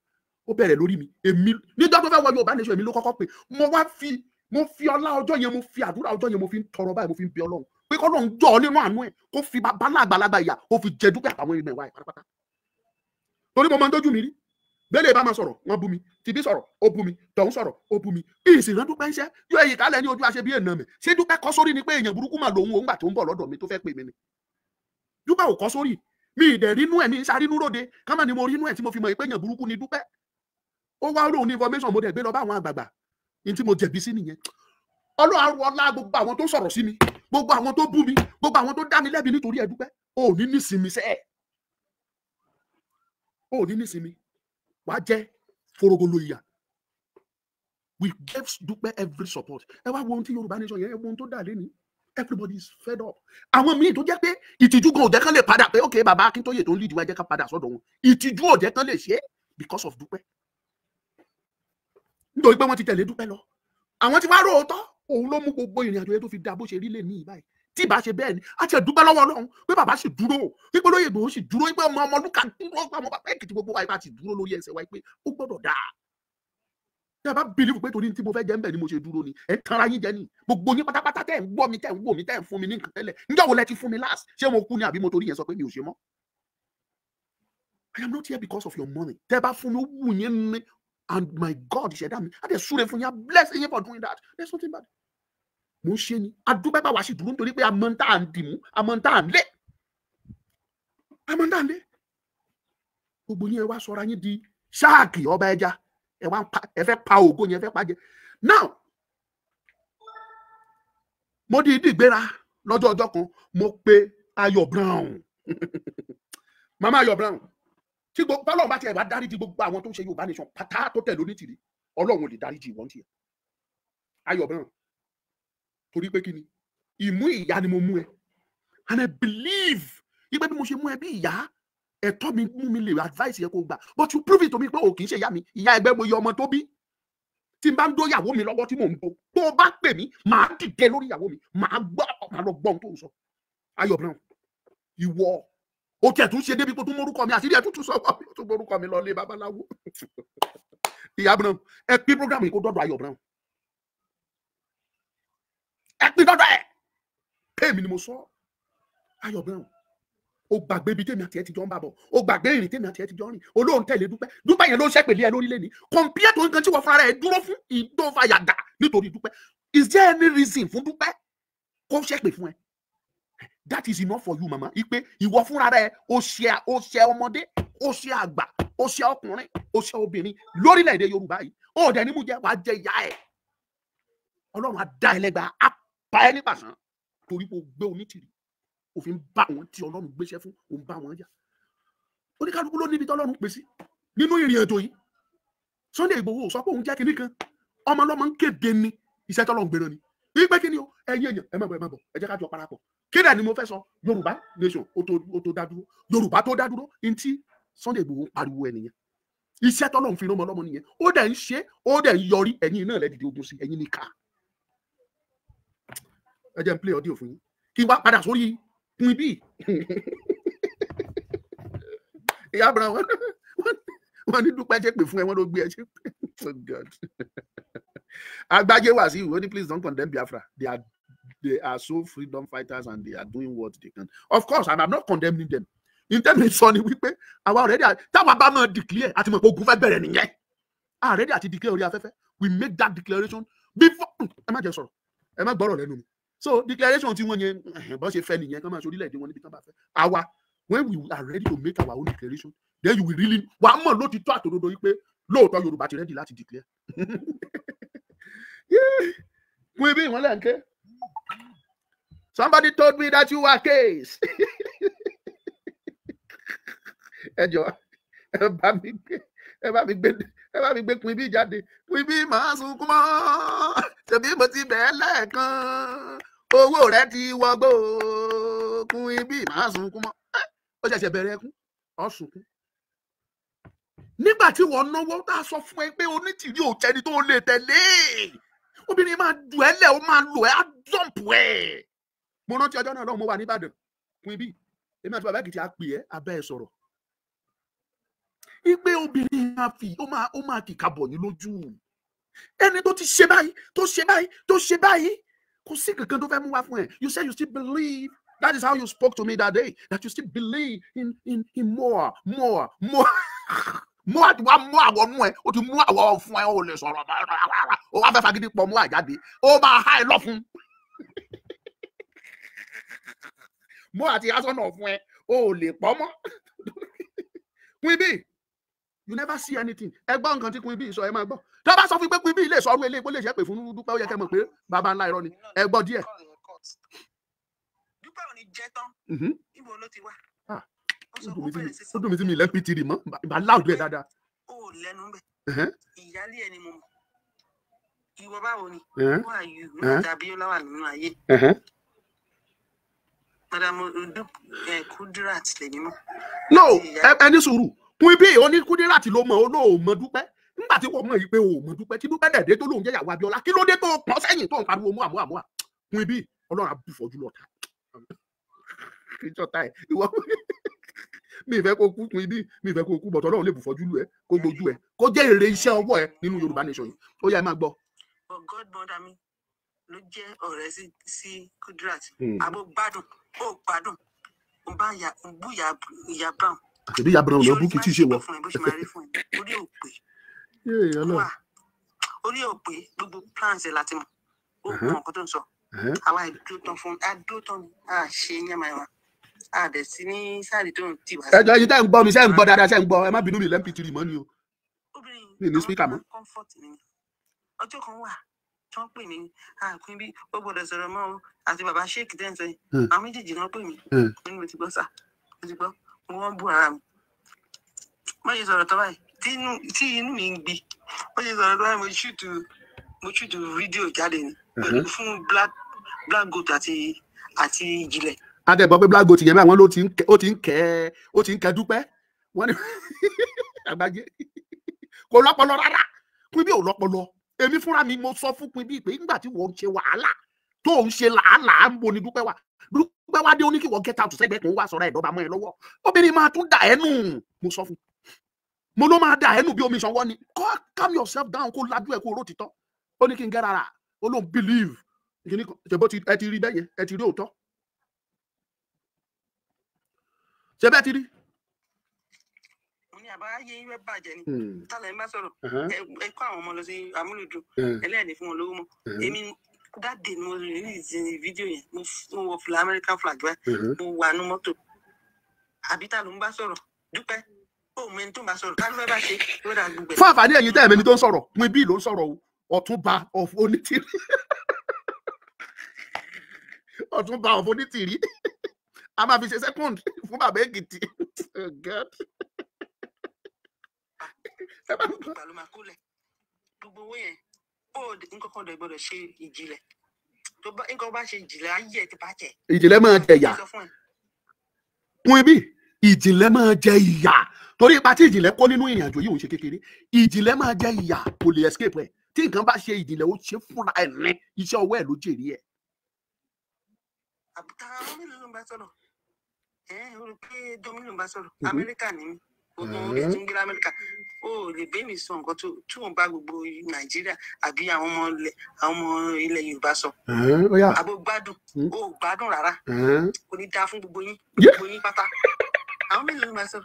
ó bẹ̀rẹ̀ lórí mi èmi nígbà tó fẹ́ wọ Yorùbá nation èmi ló kọ́kọ́ pé mo wá fi mo fi ọlá ọjọ́ yẹn mo fi àdúrà ọjọ́ yẹn mo fi ń tọrọ báyìí mo fi ń bẹ Ọlọ́run pé kọ́lọ́run jọ ọ nínú àánú ẹ̀ kó fi bàbá náà àgbàlagbà ìyá ó fi jẹ dúkìá àwọn èèyàn ìwà ìpátápátá torí mo máa ń dójú mi rí bẹ́lẹ̀ bá máa sọ̀rọ̀ wọ́n bú mi tìbí sọ̀rọ̀ ó bú mi tọ̀hún sọ̀rọ̀ ó bú mi ìsìn rán dúpẹ́ iṣẹ́ yóò èyí kálẹ̀ ní ojú àṣẹ bí èèyàn mi ṣé dúpẹ́ kọ́ sórí ni pé èèyàn burúkú mà lòun òun gbà tó ń bọ̀ lọ́dọ̀ mi tó fẹ́ pè mí ni dúpẹ́ ò kọ́ sórí mi ìdẹ̀ rínú ẹ̀ ní sàrínú ròde ká má ní mo rínú ẹ̀ tí mo fi mọ̀ pé èèyàn burúkú ni dúpẹ́ ó wá rò ní information mo dẹ̀ gbé lọ bá àwọn àgbààgbà ní tí mo jẹ̀bi sí nìyẹn ọlọ́run ọlá gbogbo àwọn tó sọ̀rọ̀ sí mi gbogbo àwọn tó bú mi gbogbo àwọn tó dá mi lẹ́bi nítorí ẹ dúpẹ́ ò ní nísinmi sẹ́ẹ̀ ò ní nísinmi wàá jẹ́ forogolo ìyà we gave dúpẹ́ every support ẹ wá wo ohun tí yorùbá nation yẹn ẹ wo ohun tó dà lé Everybody is fed up àwọn míì tó jẹ́ pé ìtìjú gan ò jẹ́ kán lè padà pé okay bàbá Akíntóyè tó ń lead wa jẹ́ ká padà sọ́dọ̀ wọn ìtìjú ò jẹ́ kán lè ṣe because of Dúpẹ́ nítorí pé wọ́n ti tẹ̀lé Dúpẹ́ lọ àwọn tí wàá rò ó tọ́ òun ló mú gbogbo ìrìn àjò yẹn tó fi da bó ṣe rí lè ní ìbáyìí tí ìbá ṣe bẹ́ẹ̀ ni a ti dúpẹ́ lọ́wọ́ Ọlọ́run pé bàbá sì dúró pípé lóye ìgbòho sì dúró pé ọmọ ọmọlúkà dúró pé ọmọ bàbá èkìtì gbogbo wa ibà ti dúró lórí ẹsẹ̀ wa pé ó gbọ́dọ̀ dáa tẹ́ bá bìlífù pé torí tí mo fẹ́ jẹ́ ń ni mo ṣe dúró ni ẹ tanra yín jẹ ni gbogbo yín pátápátá tẹ́ ń gbọ́ mi tẹ́ ń wò mí tẹ́ ń fún mi ní nǹkan tẹ́lẹ̀ níjọ́ wo lẹ fún mi last ṣé mo kú ni àbí mo torí yẹn sọ pé mi ò ṣe mọ́. I am not here because of your money tẹ́ ẹ bá fún mi wù yín ní and my God ṣẹ̀dá mi á dẹ̀ súre fún yín bless yín for doing that there is nothing bad. mo ń ṣe ni adúpẹ́ bá wa ṣe dúró nítorí pé amọ̀ ń tà ń dìmú amọ̀ ń tà ń lé amọ̀ ń tà ń lé gbogbo yín ẹ wá sọra ẹ wá ń pa ẹ fẹ́ pa ògo yẹn ẹ fẹ́ pa jẹ now mo di ìdígbéra lọ́jọ́ ọjọ́ kan mo pe Ayọ̀ Brown *laughs* mama Ayọ̀ Brown tí gbogbo bọ́lọ́run bá tiẹ̀ bá dáríjì gbogbo àwọn tó ń ṣe Yorùbá nation pátá tó tẹ̀ lóní tìrí Ọlọ́run lè dáríjì wọ́n tiẹ̀ Ayọ̀ Brown torí pé kí ni ìmú ìyá ni mo mú ẹ and I believe yí pé bí mo ṣe mú ẹ bí ìyá ẹ̀tọ́ mi mú mi lè advice yẹn kó gbà but you prove it to me pé o kì í ṣe ìyá mi ìyá ẹgbẹ́ mo yẹ ọmọ tó bí tí n bá ń dó ìyàwó mi lọ́wọ́ tí mò ń do tó o bá pè mí màá dìde lórí ìyàwó mi màá gbọ́ màá lọ gbọ́ ohun tó ń sọ Ayọ̀ Brown ìwọ o tiẹ̀ tún ṣe débi pé o tún mórúkọ mi àṣírí ẹ̀ tún tún sọ wọ́n o tún mórúkọ mi lọ lé babaláwo *laughs* ìyá Brown ẹ pín program yìí kó dọ́dọ̀ Ayọ̀ Brown ẹ pín dọ́dọ̀ ẹ pé èmi ni mo sọ Ayọ̀ Brown ó gbàgbé ibi tèmi àti ẹ ti jọ ń bàbọ̀ ó gbàgbé ìrìn tèmi àti ẹ ti jọ ń rìn olóhùn tẹ̀lé dúpẹ́ dúpẹ́ yẹn ló ń ṣẹ́pẹ̀lẹ́ ẹ lórílẹ̀ ní kọ̀m̀pìlẹ̀ tó nǹkan tí wọ́n fúnra ẹ dúró fún ìdánfàyàdà nítorí dúpẹ́ is there any reason fún dúpẹ́ kó ṣẹ́pẹ̀ fún ẹ that is enough for you mama ipe ìwọ fúnra rẹ o ṣe o ṣe ọmọdé o ṣe àgbà o ṣe ọkùnrin o ṣe obìnrin lórílẹ̀‐èdè yorùbá yìí ó dẹ̀ ní mú jẹ́ wàá jẹ ìyá ẹ̀ ọlọ́run á dá ẹlẹ́gbàá á pa ẹ́ nípasàn torí kò gbé onítìrì òfin bá wọn tí ọlọ́run gbéṣẹ́ fún òun bá wọn jà oníkálukú ló níbi tọ́lọ́run pè sí nínú ìrìn ètò yìí Sunday Igboho sọ pé òun jẹ́ kinní kan ọmọ ọlọ́mọ ń kéde ni iṣẹ́ tọ́lọ́run gbéra ni wípé kí ni o ẹ̀yin èèyàn ẹ má bọ̀ ẹ má bọ̀ ẹ jẹ́ ká jọ parapọ̀ kéde ni mo fẹ́ sọ Yorùbá nation ó tó dá dúró Yorùbá tó dá ní ti Sunday Igboho pariwo ẹnìyẹn iṣẹ́ tọ́lọ́run fi ránmọ ọlọ́mọ nìyẹn ó dẹ̀ ń ṣe ó dẹ̀ ń yọrí ẹ̀yin náà lẹ́dìdì ogun sí ẹ̀yin nìka ẹ jẹ́ n play audio fún yín kí n wá padà sórí pin bí ìyá abraham wọn ní dúpẹ́ ṣe pè fún ẹ wọn ló gbé ẹ ṣe pé oh god agbájé wàsíù ó ní please don't condemn biafra they are they are so freedom fighters and they are doing what they can of course and i'm not condemning them ìtẹ́mi sọ ni wípé àwa already táwa bá máa declare àti mọ̀ pé ogun fẹ́ bẹ̀rẹ̀ nìyẹn already àti declare orí we make that declaration before Am I just sọ̀rọ̀ Am I borrowing lẹ́nu mi so declaration tí wọ́n yẹn bọ́ ṣe fẹ́ nìyẹn kán máa ṣe orílẹ̀-èdè wọn níbi tán bá fẹ́ àwa when we are ready to make our own declaration then you will really wàá mọ̀ lótìtọ́ àtòdodo yìí pé lóòótọ́ Yorùbá ti ready láti declare *laughs* Yeah, ebi ìwọ́n lẹ́ǹkẹ́ somebody told me that you were case *laughs* ẹ jọ ẹ bá mi gbé ẹ bá mi gbé ẹ bá mi gbé kun ibi jáde kun ibi màá sunkún mọ́ tẹ̀bí mo ti bẹ̀ẹ́ lẹ́ẹ̀kan owó rẹ ti wọgbó kún ibi máa sunkún mọ́ ó ṣẹ̀ṣẹ̀ bẹ̀rẹ̀ ẹkún ó sunkún. nígbà tí wọ́n náwó tá a sọ fún ẹ pé onítìrí ò tẹni tó lè tẹ̀lé obìnrin máa dù ẹ́ lẹ̀ ó máa lò ẹ́ á dọ̀mpù ẹ̀. mo rántí ọjọ́ náà lọ́hùn mo wà nìbàdàn kún ibi èmi àti bàbá èkìtì á pè ẹ́ abẹ́ ẹ̀ sọ̀rọ̀ ipe obìnrin máa fi ó máa ó máa kìka bọ̀ ní lójú ẹni tó ti ṣe báyìí tó ṣe báyìí tó ṣe báyìí kò sí kankan tó fẹ́ mú you said you still believe that is how you spoke to me that day that you still believe in in in more more more *laughs* mú àdúrà mú àwọ̀ mú ẹ o ti mú àwọ̀ fún ẹ o lè sọ̀rọ̀ o wá fẹ́ fagídí pọ̀ mú àjáde o máa há ẹ lọ́fun *laughs* mú àti asọ́nà fún ẹ o lè pọ̀ mọ́ *laughs* Queen Bee you never see anything ẹ gbọ́ nǹkan tí Queen Bee so. ẹ máa gbọ́ tó bá sọ fún pé pín bí ilé ìsọrú eléyìí kó lè ṣe pé fún dúpẹ́ ó yẹ kẹ́ mọ̀ pé baba ńlá irọ́ ni ẹ gbọ́ díẹ̀. dúpẹ́ ò ní jẹ́ tán mhm. níbo ló ti wá. Ah, ó dùn mí sí mi ilẹ̀ pt rì mọ́ ìbá láòdù ẹ̀ dáadáa. o ò lẹ́nu bẹ ìyáálé ẹ ni mo mọ̀ ìwọ báwo ni wọ́n àyù náà tàbí ó láwà nínú ayé madam kudirat lèmi mọ̀. no ẹni sùúrù kún ibi ìhóní kudirat ló mọ olóòmọ dúpẹ́ nígbà tí wọ́n mọ̀ yìí pé o ò mọ̀ dúpẹ́ tí dúpẹ́ dẹ̀dẹ́ tó lóun jẹ́ ìyàwó abiola kí ló dé tó pọ́n sẹ́yìn tó ń pariwo mú àmúhàmú à fún ibi ọlọ́run abúfọ́jú lọ́ta ìjọta ẹ̀ ìwọ mi ìfẹ́ kó kú fún ibi mi ìfẹ́ kó kú bọ̀tọ̀ ọlọ́run lè bùfọ́jú lù ẹ́ kó gbójú ẹ̀ kó jẹ́ èrè iṣẹ́ ọwọ́ ẹ nínú Yorùbá nation yìí ó yá ẹ máa gbọ́. Oh but ló jẹ́ ọ̀rẹ́ sí sí Kudirat abo hmm. gbádùn ó gbádùn ó bá wà orí ọ̀pẹ gbogbo plans ẹ̀ láti mọ̀ gbogbo uh-huh. nǹkan tó ń sọ uh-huh. àwa ìdúró tán fún adúró tán a ṣe yẹn máa wà a dẹ̀ sí ní sáàdì tó ń tì wá. ẹjọ ẹyin tẹ ń gbọ́ mi ṣe ń gbọ́ dáadáa ṣe ń gbọ́ ẹ má bínú mi lẹ́m̀pì tìrì mọ́ ni o. obìnrin ní spíkà mọ́. ọjọ́ kan wà tí wọ́n pè mí àkùn bí ó gbọ́dọ̀ sọ̀rọ̀ mọ́ o àti bàbá sheik dẹ́nsẹ̀ hmm. àwọn méjèèjì náà pè mí nínú hmm. ti gbọ́ sà mo ti gbọ́ mo wọ́n bú ara mi. mọ̀ yìí sọ̀rọ̀ tọ́ báyìí tí inú mi ń gbé wọ́n ṣe sọ̀rọ̀ lọ́wọ́ mo ṣùtù mo ṣùtù fídíò jáde ni pẹ̀lú mhm. fún black black goat àti àti ìjìnlẹ̀. adẹ́gbọ́ pé black goat yẹn báyìí wọ́n ló ti ń kẹ́ ó ti ń kẹ́ dúpẹ́ wọ́n ní *laughs* àgbájé kò rárá pín bí mo sọ fún bí pé nígbà tí wọ́n ń ṣe wàhálà tó ń ṣe ni dúpẹ́ wà dúpẹ́ wá dé get out sẹ́gbẹ̀ẹ́ wá sọ̀rọ̀ ẹ̀dọ́ba mọ́ ẹ lọ́wọ́ obìnrin máa tún dà ẹ́ nù mo sọ mo ló máa dà ẹnu bí omi ìṣanwọ́ ni calm yourself down kó lajú ẹ kó oró títọ́ ó ní kí n gẹ́rara ó lóun believe ìkíní ṣèbó ẹ ti rí bẹ́ẹ̀ yẹn ẹ ti rí òótọ́ ṣe bẹ́ẹ̀ ti rí. àbá ayé irẹ́ bàjẹ́ ni hmm. tálẹ̀ má sọ̀rọ̀ uh-huh. ẹ kó àwọn ọmọ lọ sí amúlùdùn hmm. ẹlẹ́ẹ̀dẹ̀ fún wọn lówó mọ́ uh-huh. èmi that day mo release fídíò yẹn mo wọ fìlà American flag báyìí uh-huh. mo wà nú mọ́tò àbí ta ló ń bá sọ̀rọ̀ dúpẹ́ fún àǹfààní ẹ̀yin tẹ́ ẹ̀mẹ́ni tó ń sọ̀rọ̀ pin bí ló ń sọ̀rọ̀ ọ̀túnba onítìrí *laughs* ọ̀túnba onítìrí a máa fi ṣe second fún bàbá èkìtì oh gbogbo owó yẹn bóòdù nǹkan kan gbọ́dọ̀ ṣe ìjìnlẹ̀ tó bá nǹkan bá ṣe ìjìnlẹ̀ ayé ẹ ti bá jẹ. ìjìnlẹ̀ máa jẹyà kún ibi ìjìnlẹ̀ máa jẹ ìyà torí ipa tí ìjìnlẹ̀ kó nínú ìrìn àjò yìí òun ṣe kékeré ìjìnlẹ̀ máa jẹ ìyà kò lè escape ẹ̀ tí nǹkan bá ṣe ìjìnlẹ̀ ó ṣe fúnra ẹ̀ ní iṣẹ́ ọwọ́ ẹ̀ ló jèrè ẹ̀. àbúkà gómìnà bá sọ̀rọ̀ ẹ̀ ẹ́ rò pé gómìnà bá sọ̀rọ̀ amẹ́ríkà ni mí ọdún orí tó ń gbé lamẹ́ríkà ó lè bẹ́ẹ̀ mi sọ nǹkan tí wọ́n bá gbogbo nàìjíríà àbí àwọn ọmọ ilẹ̀ àwọn ọmọ ilẹ̀ yorùbá sọ. àbò gbádùn ó mhmm. gbádùn rárá kò ní dáa fún gbogbo yín gbogbo yín pátá àwọn mélòó ló máa sọ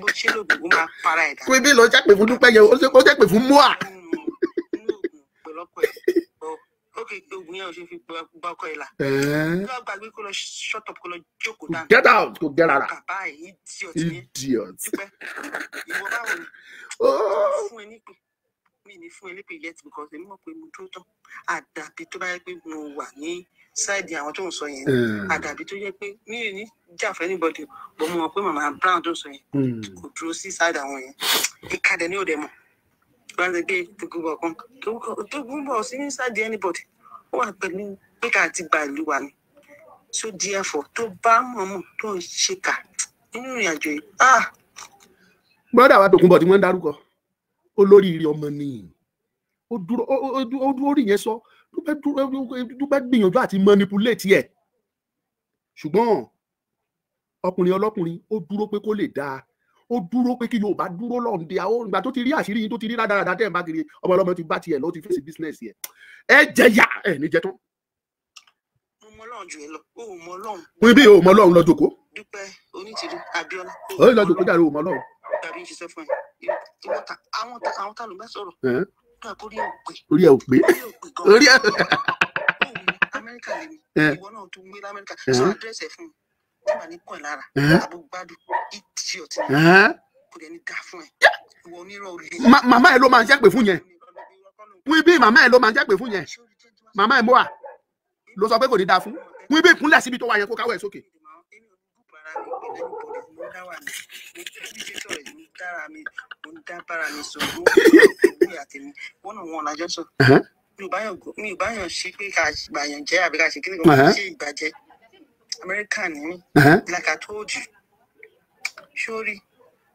bó ṣe lóògùn ó máa para ẹ̀dá. pé bí lọ jápè fún dúpẹ́ yẹn ó jápè fún mua. Get out to get out. Idiot. Idiot. Oh mi ní fún elépè yet because èmi mọ̀ pé mo dúró tán àdàbí tó bá yẹ pé mo wà ní sáìdì àwọn tó ń sọ yẹn hmm. àdàbí tó yẹ pé mi ò ní jà fún anybody bọ́ mo mọ̀ pé màmá brown tó ń sọ yẹn hmm. kò dúró sí sáìdì àwọn yẹn ìkadẹ ní òde mọ̀ gbàdégé tó gbúbọ̀ kan tó gbúbọ̀ sí ní sáìdì anybody ó wà pẹ̀lú pé ká ti gba ìlú wa ni so therefore tó bá mọ̀mọ̀ tó ń ṣe kà nínú ìrìn àjò yìí. gbọ́dọ̀ ah! àwa tòkunbọ̀ tí wọ́n ń darúkọ olóríire ọmọ ni ó dúró ó dúró rí yẹn sọ dúpẹ́ gbìyànjú àti manipulate ẹ̀ ṣùgbọ́n ọkùnrin ọlọ́kùnrin ó dúró pé kó lè dáa ó dúró pé kí Yorùbá dúró lọ́ǹde àwọn ìgbà tó ti rí àṣírí yìí tó ti rí rádaràdà tẹ̀ ń bá kiri ọmọ ọlọ́mọ ti bá tiẹ̀ lọ́ ti fèsì bísínẹ́sì ẹ̀ ẹ jẹ̀yà ẹ̀ ní jẹ tán. ọmọ Ọlọ́run jù ẹ lọ o ò mọ Ọlọ́run. pín bí o ò mọ Ọlọ́run lọ jòkó. dúpẹ́ onítìrí Abíọ́lá. ó lọ jòkó jàre o ò mọ Ọlọ́run tàbí ṣiṣẹ fún ẹ àwọn àwọn tá ló bá sọ̀rọ̀ orí ẹ ò pé orí ẹ ò pé orí ẹ ò pé amẹ́ríkà lèmi ìwọ náà tó ń gbé lamẹ́ríkà sọ àdírẹ́sì ẹ̀ fún mi tí ní pọ̀ lára àbò gbádùn idiot kò dẹ̀ ní dá fún ẹ ìwọ onírọ̀ olè. màmá ẹ ló máa ń jẹ́ pé fún yẹn wí màmá ẹ ló máa ń jẹ́ pé fún yẹn màmá ẹ mọ́ à ló sọ pé kò ní dá fún wí bí síbi tó wà yẹn kó káwọ́ ẹ̀ sókè ara mi pé lẹ́yìn kọ́lé dá wà mí mo ti fi ṣe sọ̀rọ̀ yìí dára mi mo ń dá mi sọ mo ń sọ èmi àti mi wọ́n náà wọn mi ò báyọ̀ mi ṣe pé ká gbàyàn jẹ́ àbí ká ṣe kí ni kò ṣe ìgbàjẹ́ amẹ́ríkà ni mí like I told you sórí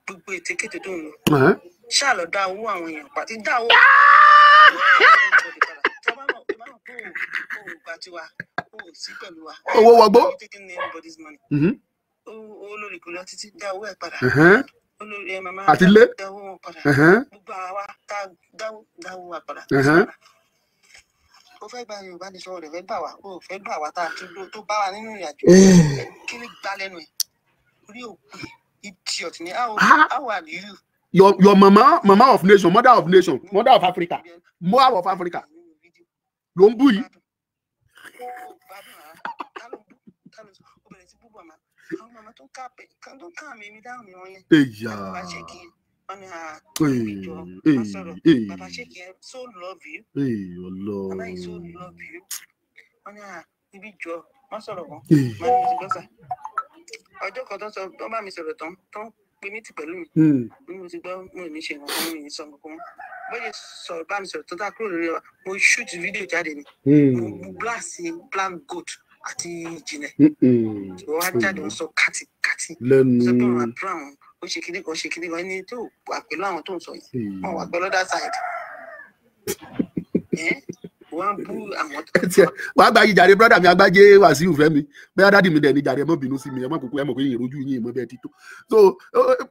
gbogbo ètekéte tó ń lọ ṣáà dá owó àwọn èèyàn pàtí dá owó owó wọgbó olórí kò lọ títí dá owó ẹ̀ padà olórí ẹ̀ màmá wa padà ó fẹ́ gba yorùbá ní sọ̀rọ̀ rẹ̀ fẹ́ gbà wá ó fẹ́ gbà wá tá a ti gbó tó bá wa nínú ìrìn àjò kí ni gbà lẹ́nu ẹ̀ orí òkú idiot ni how are you. your your mama mama of nation mother of nation mother of Africa mother of Africa ló ń bú yìí. àwọn màmá tó kà pé kan tó kà mí mi dáhùn mi wọn yẹn. ẹyà bàbá ṣèkì wọn ni àjọ wọn sọ̀rọ̀ bàbá ṣèkì ẹ so love you. bàbá yìí so love you wọn ni ibi jọ wọn sọ̀rọ̀ wọn wọn ni mo ti gbọ́ sà ọjọ́ kan tó sọ tó bá mi sọ̀rọ̀ tán tán pé mí ti pẹ̀lú mi hmm. bí mo ti gbọ́ mo ní ṣe nǹkan mi sọ nǹkan bóyá sọ̀rọ̀ bá mi sọ̀rọ̀ tó dá kúrò lórí wa mo shoot fídíò jáde ni hmm. mo blast black gold àti jìnà wọn á jáde wọn sọ kátikátí sọ pé wọn àdúrà wọn ó ṣe kíní kan ṣe kíní kan ẹni tó wà pẹ̀lú àwọn tó ń sọ yìí hmm. wọn wà pẹ̀lú other side wọn bú àwọn tó. *laughs* wàá gba yìí jàre brọ́dà mi agbájé wàsíù fẹ́mi bẹ́ẹ̀ dádì mi dẹ̀ ni jàre ẹ mọ́ bínú sí mi ẹ mọ́ kókó ẹ mọ̀ pé yìnyín rojú yìnyín mọ́ bẹ́ẹ̀ ti tó so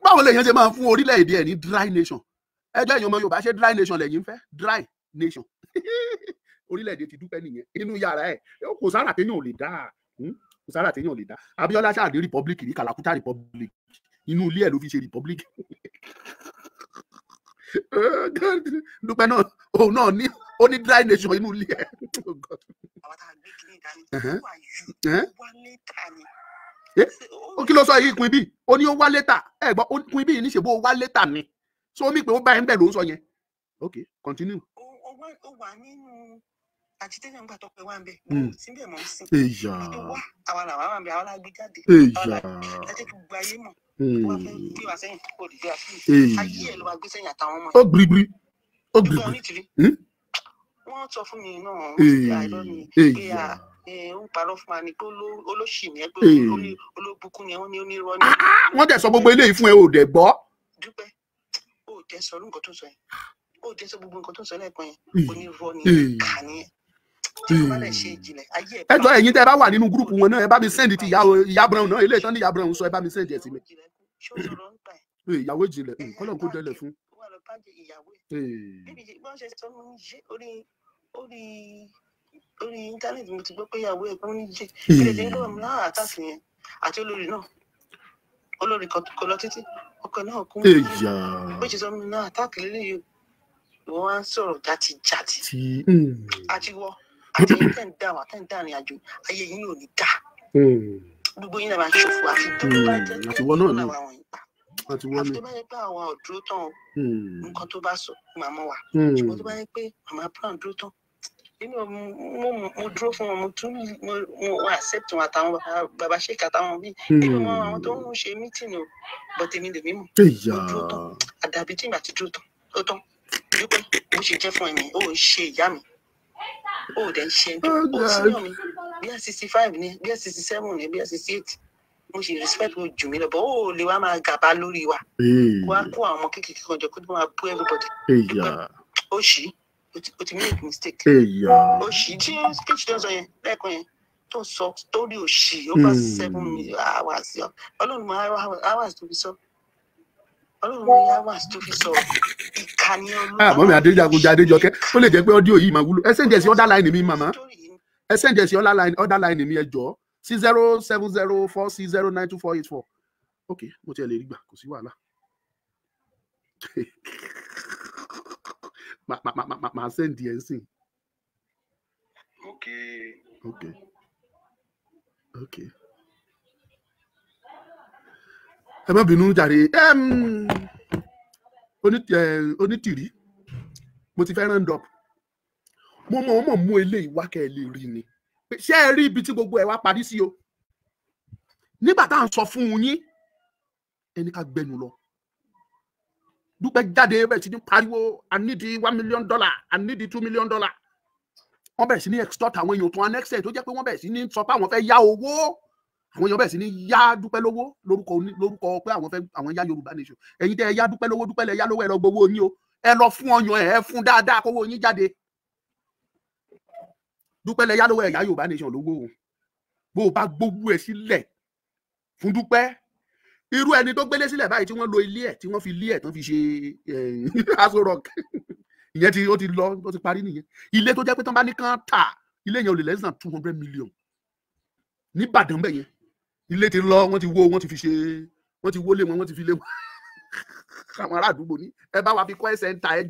báwo lèèyàn ṣe máa fún orílẹ̀-èdè ẹ̀ ní dry nation ẹjọ́ ìyọ̀mọ Yorùbá ṣe dry nation lẹ́yìn fẹ́ dry nation *laughs* orílẹ̀-èdè ti dúpẹ́ nìyẹn inú yàrá ẹ̀ kò sára téèyàn ò lè dá hmm, kò sára téèyàn ò lè dá Abíọ́lá ṣáàdé republic ní kàlàkútà republic inú ilé ẹ̀ ló fi ṣe republic *laughs* oh dúpẹ́ náà òun náà ní ó ní dry nation inú ilé ẹ̀. *laughs* Oh eh, ó kí ló sọ yìí kun ibi ó ní ó wá létà ẹ gbọ́ ó kun ibi yìí níṣẹ́ bó wá létà ni so omi pé ó bá ẹ ń bẹ̀ ló ń sọ yẹn ok continue. ó wà nínú àti tẹ́lẹ̀ ń gbà tọpẹ wá ń bẹ síbẹ̀ mọ̀ sí i wá àwa làwa wà ń bẹ àwa la gbé ayé mọ̀ wọ́n fẹ́ gbé wa sẹ́yìn kó dìde ayé ẹ̀ ló wa gbé sẹ́yìn àtàwọn ọmọ. Hmm? wọ́n sọ fún mi náà ń parọ́ fún wa ni pé olóṣì ni ẹ pé olóbùkún wọ́n ní onírọ́ ni. Ah, wọ́n dẹ̀ sọ gbogbo eléyìí fún ẹ ò dẹ̀ gbọ́. dúpẹ́ ó dẹ̀ sọ orúkọ tó sọ yẹn ó dẹ̀ sọ gbogbo nǹkan tó sọ lẹ́ẹ̀kan yẹn onírọ́ ni kà nìyẹn ẹ jọ ẹ̀yin tẹ́ ẹ bá wà nínú gúrùpù wọn náà ẹ bá mi sẹ́ndì ti ìyá brown náà eléyìí tán ní ìyá brown sọ ẹ bá mi sẹ́ndì ẹ̀ sí mi. ìyàwó ìjìnlẹ̀ kọ́lọ̀ kó dẹlẹ̀ fún. orí íńtánẹ́ẹ̀tì mo ti gbọ́ pé ìyàwó ẹ̀ kan ń jẹ́ kí lè dé ń gbọ́ náà àtàsí yẹn àti olórí náà olórí kan lọ títí ọkọ náà kú bó ṣe sọ mi náà àtàkì lélẹ́yìí wọ́n á sọ̀rọ̀ jàtijàti mm. àti wọ́n àti yìí tẹ̀ ń dá wà tẹ̀ ń dá ìrìn àjò ayé yìí ò ní dá hmm. gbogbo yìí náà máa ṣòfò àti dúró hmm. bá jẹ́ àti wọ́n náà. àti tó bá yẹ pé àwọn ọ̀dúró tán hmm. nǹkan tó bá sọ màmá wa ṣùgbọ́n tó bá yẹ pé màmá brown dúró tán nínú mo dúró fún wọn mo tún mo accept wọn àtàwọn bàbá sheik àtàwọn bíi nínú wọn àwọn tó ń ṣe mítìnì o bọ̀tẹ̀ mi lèmi mọ̀ mo dúró tán àdàbí tí màá ti dúró tán ó tán wípé mo ṣe jẹ́ fún ẹ̀mí ó ń ṣe ìyá mi o dẹ̀ ń ṣe o sí yàn mí bí ẹ sixty five ni bí ẹ sixty seven ni bí ẹ sixty eight mo ṣe respect mo jù mí lọ bọ ó lè wa. máa gàba lórí wa wá kó àwọn ọmọ kékeré kan jọ kó tó máa bú everybody ó ṣì ó ti make mistake ó ṣì tí speech tó ń sọ yẹn lẹ́ẹ̀kan yẹn tó sọ tó rí òṣì ó bá hmm. seven hours ọlọ́run hours tó fi sọ ọlọ́run ní hours tó fi sọ̀rọ̀ ìkànnì ọmọ. àmọ́ ah, mi adéjagunjẹ adéjọkẹ́ ó lè jẹ́ pé ọ́díò yìí máa wúlò ẹ sẹ́ǹdẹ̀ sí ọ́dà láìní mi màmá ẹ sẹ́ǹdẹ̀ sí ọ́dà láìní mi ẹ jọ sí zero seven zero four six zero nine two four eight four ok mo tiẹ̀ lè rí gbà kò sí wàhálà màá sẹ́ǹdì ẹ̀ ń sìn. ok ok ok ẹ má bínú jàre onítìrí mo ti fẹ́ round up mo mọ̀ mọ̀ mú eléyìí wá kẹ́ ẹ lè rí ni ṣé ẹ rí ibi tí gbogbo ẹ wá parí sí o nígbà tá à ń sọ fún un yín ẹni ká gbẹnu lọ dúpẹ́ jáde bẹ́ẹ̀ ti ní pariwo i need one million dollar i need two million dollar wọ́n bẹ̀rẹ̀ sí ní extort àwọn èèyàn tó annexe tó jẹ́ pé wọ́n bẹ̀rẹ̀ sí ní sọ pé àwọn fẹ́ yá owó àwọn èèyàn bẹ̀rẹ̀ sí ní yá dúpẹ́ lówó lórúkọ lórúkọ pé àwọn fẹ́ àwọn yá yorùbá nation ẹ̀yin tẹ́ ẹ yá dúpẹ́ lówó dúpẹ́ lẹ yá lówó ẹ lọ gbowó yín o ẹ lọ fún ọyàn ẹ fún dáadáa kówó yín jáde dúpẹ́ lẹ yá lówó ẹ yá yorùbá nation lówó o bó o bá gbowó ẹ sílẹ̀ fún dúpẹ́ irú ẹni tó gbélé sílẹ̀ báyìí tí wọ́n lo ilé ẹ̀ tí wọ́n fi ilé ẹ̀ tán fi ṣe eh, aṣọ *laughs* rock ìyẹn tí ó ti lọ ó ti parí nìyẹn ilé tó jẹ́ pé tán bá ní kán tà ilé yẹn ò lè less than two hundred million ní Ìbàdàn bẹ́ẹ̀ yẹn ilé ti lọ wọ́n ti wó wọ́n ti fi ṣe wọ́n ti wólé wọn wọ́n ti fi lé wọn *laughs* àwọn ará àdúgbò ẹ bá wa fi kọ́ ẹsẹ̀ ń ta ẹ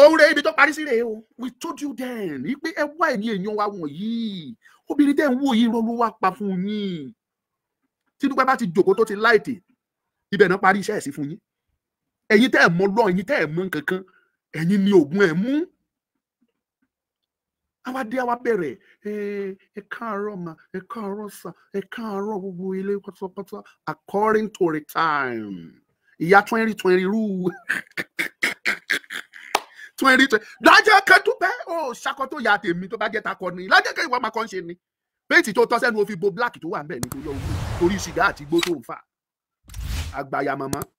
òun *laughs* rèé ibi tó parí sí rèé o we told you then wípé ẹ wá ẹ̀mí èèyàn wa wọ̀nyí obìnrin tẹ̀ ń wò yìí rọ́lú wá pa fún yín tínúpẹ́ bá ti jòkó tó ti láìtì ibẹ̀ náà parí iṣẹ́ ẹ̀ sí fún yín ẹ̀yin tẹ́ ẹ̀ mọ lọ ẹ̀yin tẹ́ ẹ̀ mọ kankan ẹ̀yin ni oògùn ẹ̀ mú àwa dé àwa bẹ̀rẹ̀ ẹ káàárọ̀ mà ẹ káàárọ̀ sà ẹ káàárọ̀ gbogbo ilé pátápátá according to the time ìyá twenty twenty rule *laughs* twenty twenty lájẹ́ kẹ́tù bẹ́ẹ̀ ó ṣakọ́ tó ya tèmi tó bá jẹ́ takọ ni lájẹ́ kẹ́ ìwà máa kọ́ ń ṣe ni péètì tó tọ́ sẹ́nu ó bo black tó wà ń bẹ̀ nítorí ọ̀hún torí sìgá àti igbó tó ń fà àgbàyà màmá *laughs*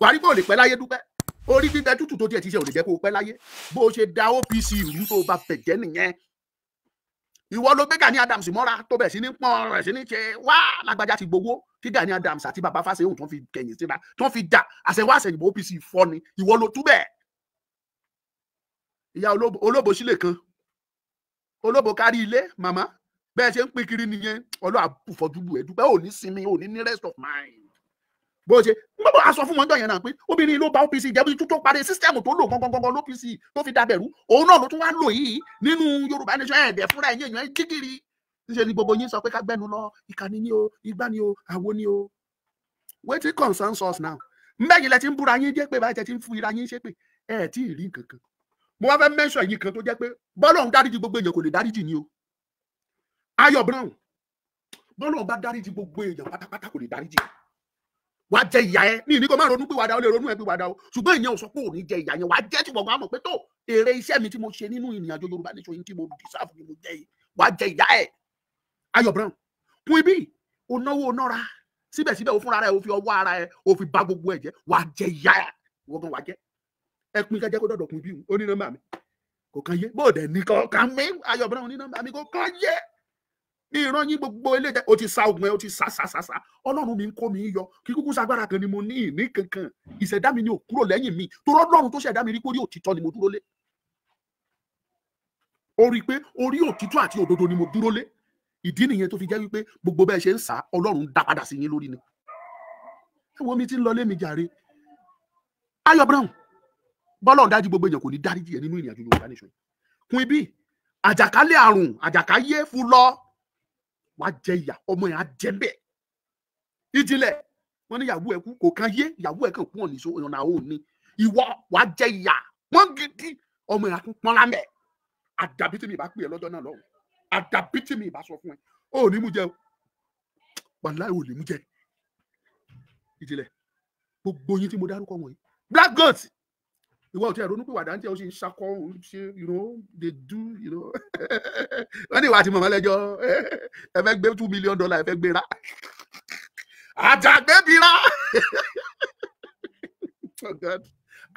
wàá rí bọ́ọ̀lù pẹ́ láyé dúpẹ́ orí dídá tútù tó tiẹ̀ ti ṣe ò lè jẹ́ kó o pẹ́ láyé bó o ṣe da OPC rú tó o bá fẹ̀jẹ́ nìyẹn ìwọ ló gbé Gani Adams mọ́ra tó bẹ̀ sí ní pọ́n rẹ̀ sí ní ṣe wá lágbájá ti gbowó kí Gani Adams àti bàbá Fáṣẹ̀hùn tó fi kẹ̀yìn síra tó fi dà àṣẹwá àṣẹyìnbó OPC fọ́ ni ìwọ ló tú bẹ́ẹ̀ ìyá olóbo sílẹ̀ kan olóbo kárí ilé màmá bẹ́ẹ̀ ṣe ń pín kiri nìyẹn ọlọ́ àbùfọ́jú bu ẹ̀dúpẹ́ ò ní sinmi ò ní ní rest of mind bó ṣe gbọ́dọ̀ aṣọ fún wọn dọ̀yẹn náà pé obìnrin ló ba OPC jẹ́ tó tó parí sísítẹ́ẹ̀mù tó lò gangan lópc tó fi dabẹ̀rú òun náà ló tún wá lò yìí nínú Yorùbá nation ẹ̀ẹ́dẹ̀ fúnra ẹ̀yìn èèyàn jígìrì ṣe ni gbogbo yín sọ pé ká lọ ìkànnì ni o igbá ni o àwo ni o wetin concerns us now mbẹ́yìn lẹ ti ń búra yín jẹ́ pé báyìí tẹ ti ń fura yín ṣépè ẹ̀ tí ì rí nǹkan kan mo wá fẹ́ mention yìí kan tó jẹ́ pé bọ́lọ́hún dáríjì gbogbo èèyàn kò Brown bọ́lọ́hún bá dáríjì gbogbo èèyàn pátápátá kò lè dáríjì wàá jẹ ìyá ẹ ní ìní kó má ronú pìwàdà ó lè ronú ẹ pìwàdà o ṣùgbọ́n ìyẹn ò sọ pé ò ní jẹ ìyá yẹn wàá jẹ́ tí gbọ̀ngàn àmọ̀ pé tó èrè iṣẹ́ mi tí mo ṣe nínú ìrìn àjò Yorùbá nation yìí tí mo dìsáàfù ni mo jẹ yìí wàá jẹ ìyá ẹ Ayọ̀ Brown kún ibí o náwó o nọ́ra síbẹ̀síbẹ̀ o fúnra rẹ o fi ọwọ́ ara ẹ o fi ba gbogbo ẹ jẹ wàá jẹ ìyá ẹ wọ́gán wàá jẹ ẹ pin kájẹ́ kó dọ̀dọ̀ kún ibí o ní nọ́mbà mi kò kàn yé bóòdẹ̀ ní kò kàn Ayọ̀ Brown ní nọ́mbà mi kò kàn yé ní ìran yín gbogbo ilé jẹ o ti sa ogun ẹ o ti sa sa sa sa ọlọ́run mi ń kó mi yọ kí kúkú sagbára kan ni mo ní ìní kankan ìṣẹ̀dá mi ni ò kúrò lẹ́yìn mi torọ́ ọlọ́run tó ṣẹ̀dá mi rí kórí òtítọ́ ni mo dúró lé ó rí i pé orí òtítọ́ àti òdodo ni mo dúró lé ìdí nìyẹn tó fi jẹ́ wípé gbogbo bẹ́ẹ̀ ṣe ń sá ọlọ́run dá padà sí yín lórí ni ẹ mi ti ń lọ lé mi jàre Ayọ̀ Brown bọ́lọ̀ dájú gbogbo èèyàn kò ní dáríjì ẹ nínú ìrìnàjò Yorùbá nation kún ibi àjàkálẹ̀ àrùn àjàkáyé fún lọ́ọ́ wàá jẹ ìyà ọmọ yẹn á jẹ mbẹ ìdílé wọn ní ìyàwó ẹ kú kò kan yé ìyàwó ẹ kàn kú ọ̀nì so ọ̀nà òun ni ìwọ wàá jẹ ìyà wọn gidi ọmọ yẹn á kún pọ́n lámẹ́ àdàbí tí mi bá pè é lọ́jọ́ náà lọ́wọ́ àdàbí tí mi bá sọ fún ẹ ò ní mú jẹ o wàláì ò ní mú jẹ ìdílé gbogbo yín tí mo dárúkọ wọ̀nyí black goat ìwọ tí ẹ̀rọ onípìwàdà ń tẹ́ ó sì ń sakọ òun ṣe you know they do you know *laughs* wọ́n ní ìwà àti mọ̀mọ́ lẹ́jọ́ ẹ fẹ́ gbé two million dollar ẹ fẹ́ gbéra àjàgbébira *laughs* oh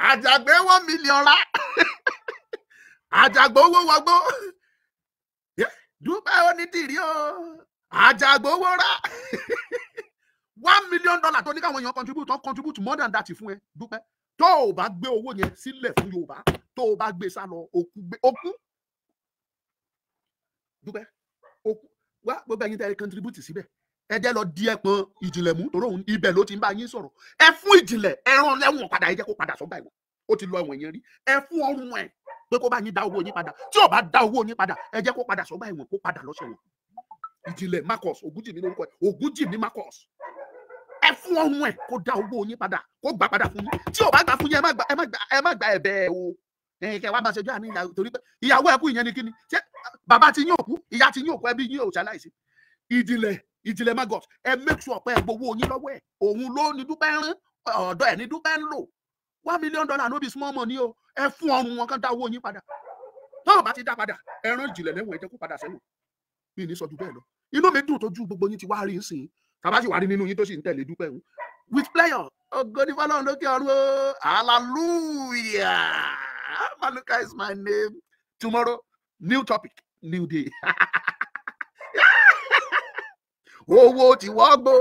àjàgbé one million ra *laughs* àjàgbó owó wọgbó dúpẹ́ onídìrí o àjàgbó owó ra one million dollar tó ní káwọn èèyàn contribute tó contribute more than that fún ẹ dúpẹ́ tó o bá gbé owó yẹn sílẹ̀ fún Yorùbá tó o bá gbé e sá lọ òkú gbé òkú dúpẹ́ òkú wá gbogbo ẹ̀yin tẹ́ ẹ contribute síbẹ̀ ẹ jẹ́ lọ di ẹpọn ìjìnlẹ̀ mú torí òun ibẹ̀ ló ti ń bá yín sọ̀rọ̀ ẹ fún ìjìnlẹ̀ ẹ rán lẹ́wọ̀n padà ẹ jẹ́ kó padà sọ́gbà ẹ̀wọ̀n ó ti lọ ẹ̀wọ̀n yẹn rí ẹ fún ọrùn ẹ̀ pé kó bá yín dá owó yín padà tí ò bá dá owó yín padà ẹ jẹ́ kó padà sọ́gbà ẹ̀wọ̀n kó padà lọ́sẹ̀wọ̀n ìjìnlẹ̀ Marcus Ògúnjìmí lórúkọ ẹ̀ Ògúnjìmí Marcus ẹ fún ọmọ ẹ kó dá owó yín padà kó gbà padà fún yín tí ò bá gbà fún yín ẹ má gbà ẹ má gbà ẹ má gbà ẹ̀bẹ̀ ẹ o ẹ̀yin kẹ wá bá ṣẹjọ́ àní ìyàwó torí pé ìyàwó ẹ kú ìyẹn ni kíni ṣé bàbá ti yín òkú ìyá ti yín òkú ẹbí yín ò ṣaláìsí ìdílé ìdílé magot ẹ make sure pé ẹ gbowó yín lọ́wọ́ ẹ òun ló ní dúpẹ́ ń ọ̀dọ̀ ẹ̀ ní dúpẹ́ ń lò one million dollar no be small money o ẹ fún ọrùn wọn kán dá owó yín padà tọ́ọ̀ bá ti dá padà ẹran ìjìnlẹ̀ lẹ́wọ̀n ẹ jẹ́ kó padà sẹ́wọ̀n mi ní sọ ju bẹ́ẹ̀ lọ inú mi dùn tójú gbogbo yín ti wá rí sí tàbá sì wà rí nínú yín tó sì ń tẹ̀lé dúpẹ́ òun with player ògo fọlọ́run lókè ọ̀run hallelujah maluka is my name tomorrow new topic new day *laughs* owó tí wọ́n gbó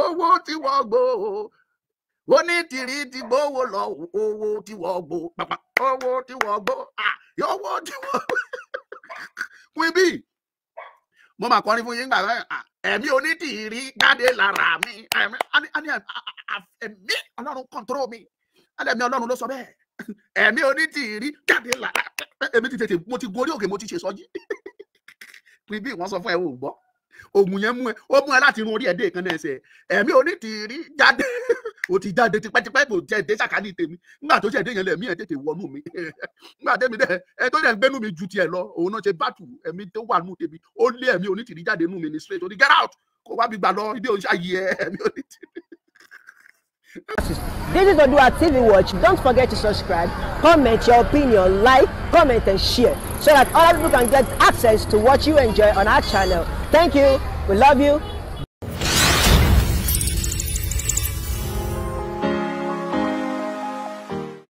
owó tí wọ́n gbó ó ní tìrì tí gbówó lọ owó tí wọ́n gbó owó tí wọ́n gbó ah, owó tí wọ́n gbó mo máa kọrin fún yín gbà báyìí ẹ̀mí onídìrí jáde lára mi ẹ̀mí ọlọ́run kọ̀ǹtóró mi ẹ̀mí ọlọ́run ló sọ bẹ́ẹ̀ *laughs* ẹ̀mí onídìrí jáde lára ẹ̀mí ti tètè mo ti gorí òkè mo ti ṣe sọ́jí pé *laughs* bí wọ́n sọ fún ẹ ò gbọ́ ògùn yẹn mú ẹ ó mú ẹ láti irun orí ẹ dé ìkànnì ẹsẹ̀ ẹ̀mí onídìrí jáde *laughs* ó ti jáde tipẹ́tipẹ́ kò jẹ́ dé sàkání tèmi nígbà tó jẹ́ dé yẹn lẹ̀ mí ẹ̀ tètè wọnú mi *laughs* nígbà tẹ́mi dẹ̀ ẹ tó dẹ̀ ń mi ju tiẹ̀ lọ òun náà ṣe bátù ẹ̀mí tó wà nù tèmi ó lé ẹ̀mí onítìrí jáde nù mí ní straight ó get out kó wá mi gbà lọ ilé oníṣẹ́ ayé ẹ̀mí onítìrí. *laughs* This is Odua TV Watch. Don't forget to subscribe, comment your opinion, like, comment and share so that other people can get access to what you enjoy on our channel. Thank you. We love you.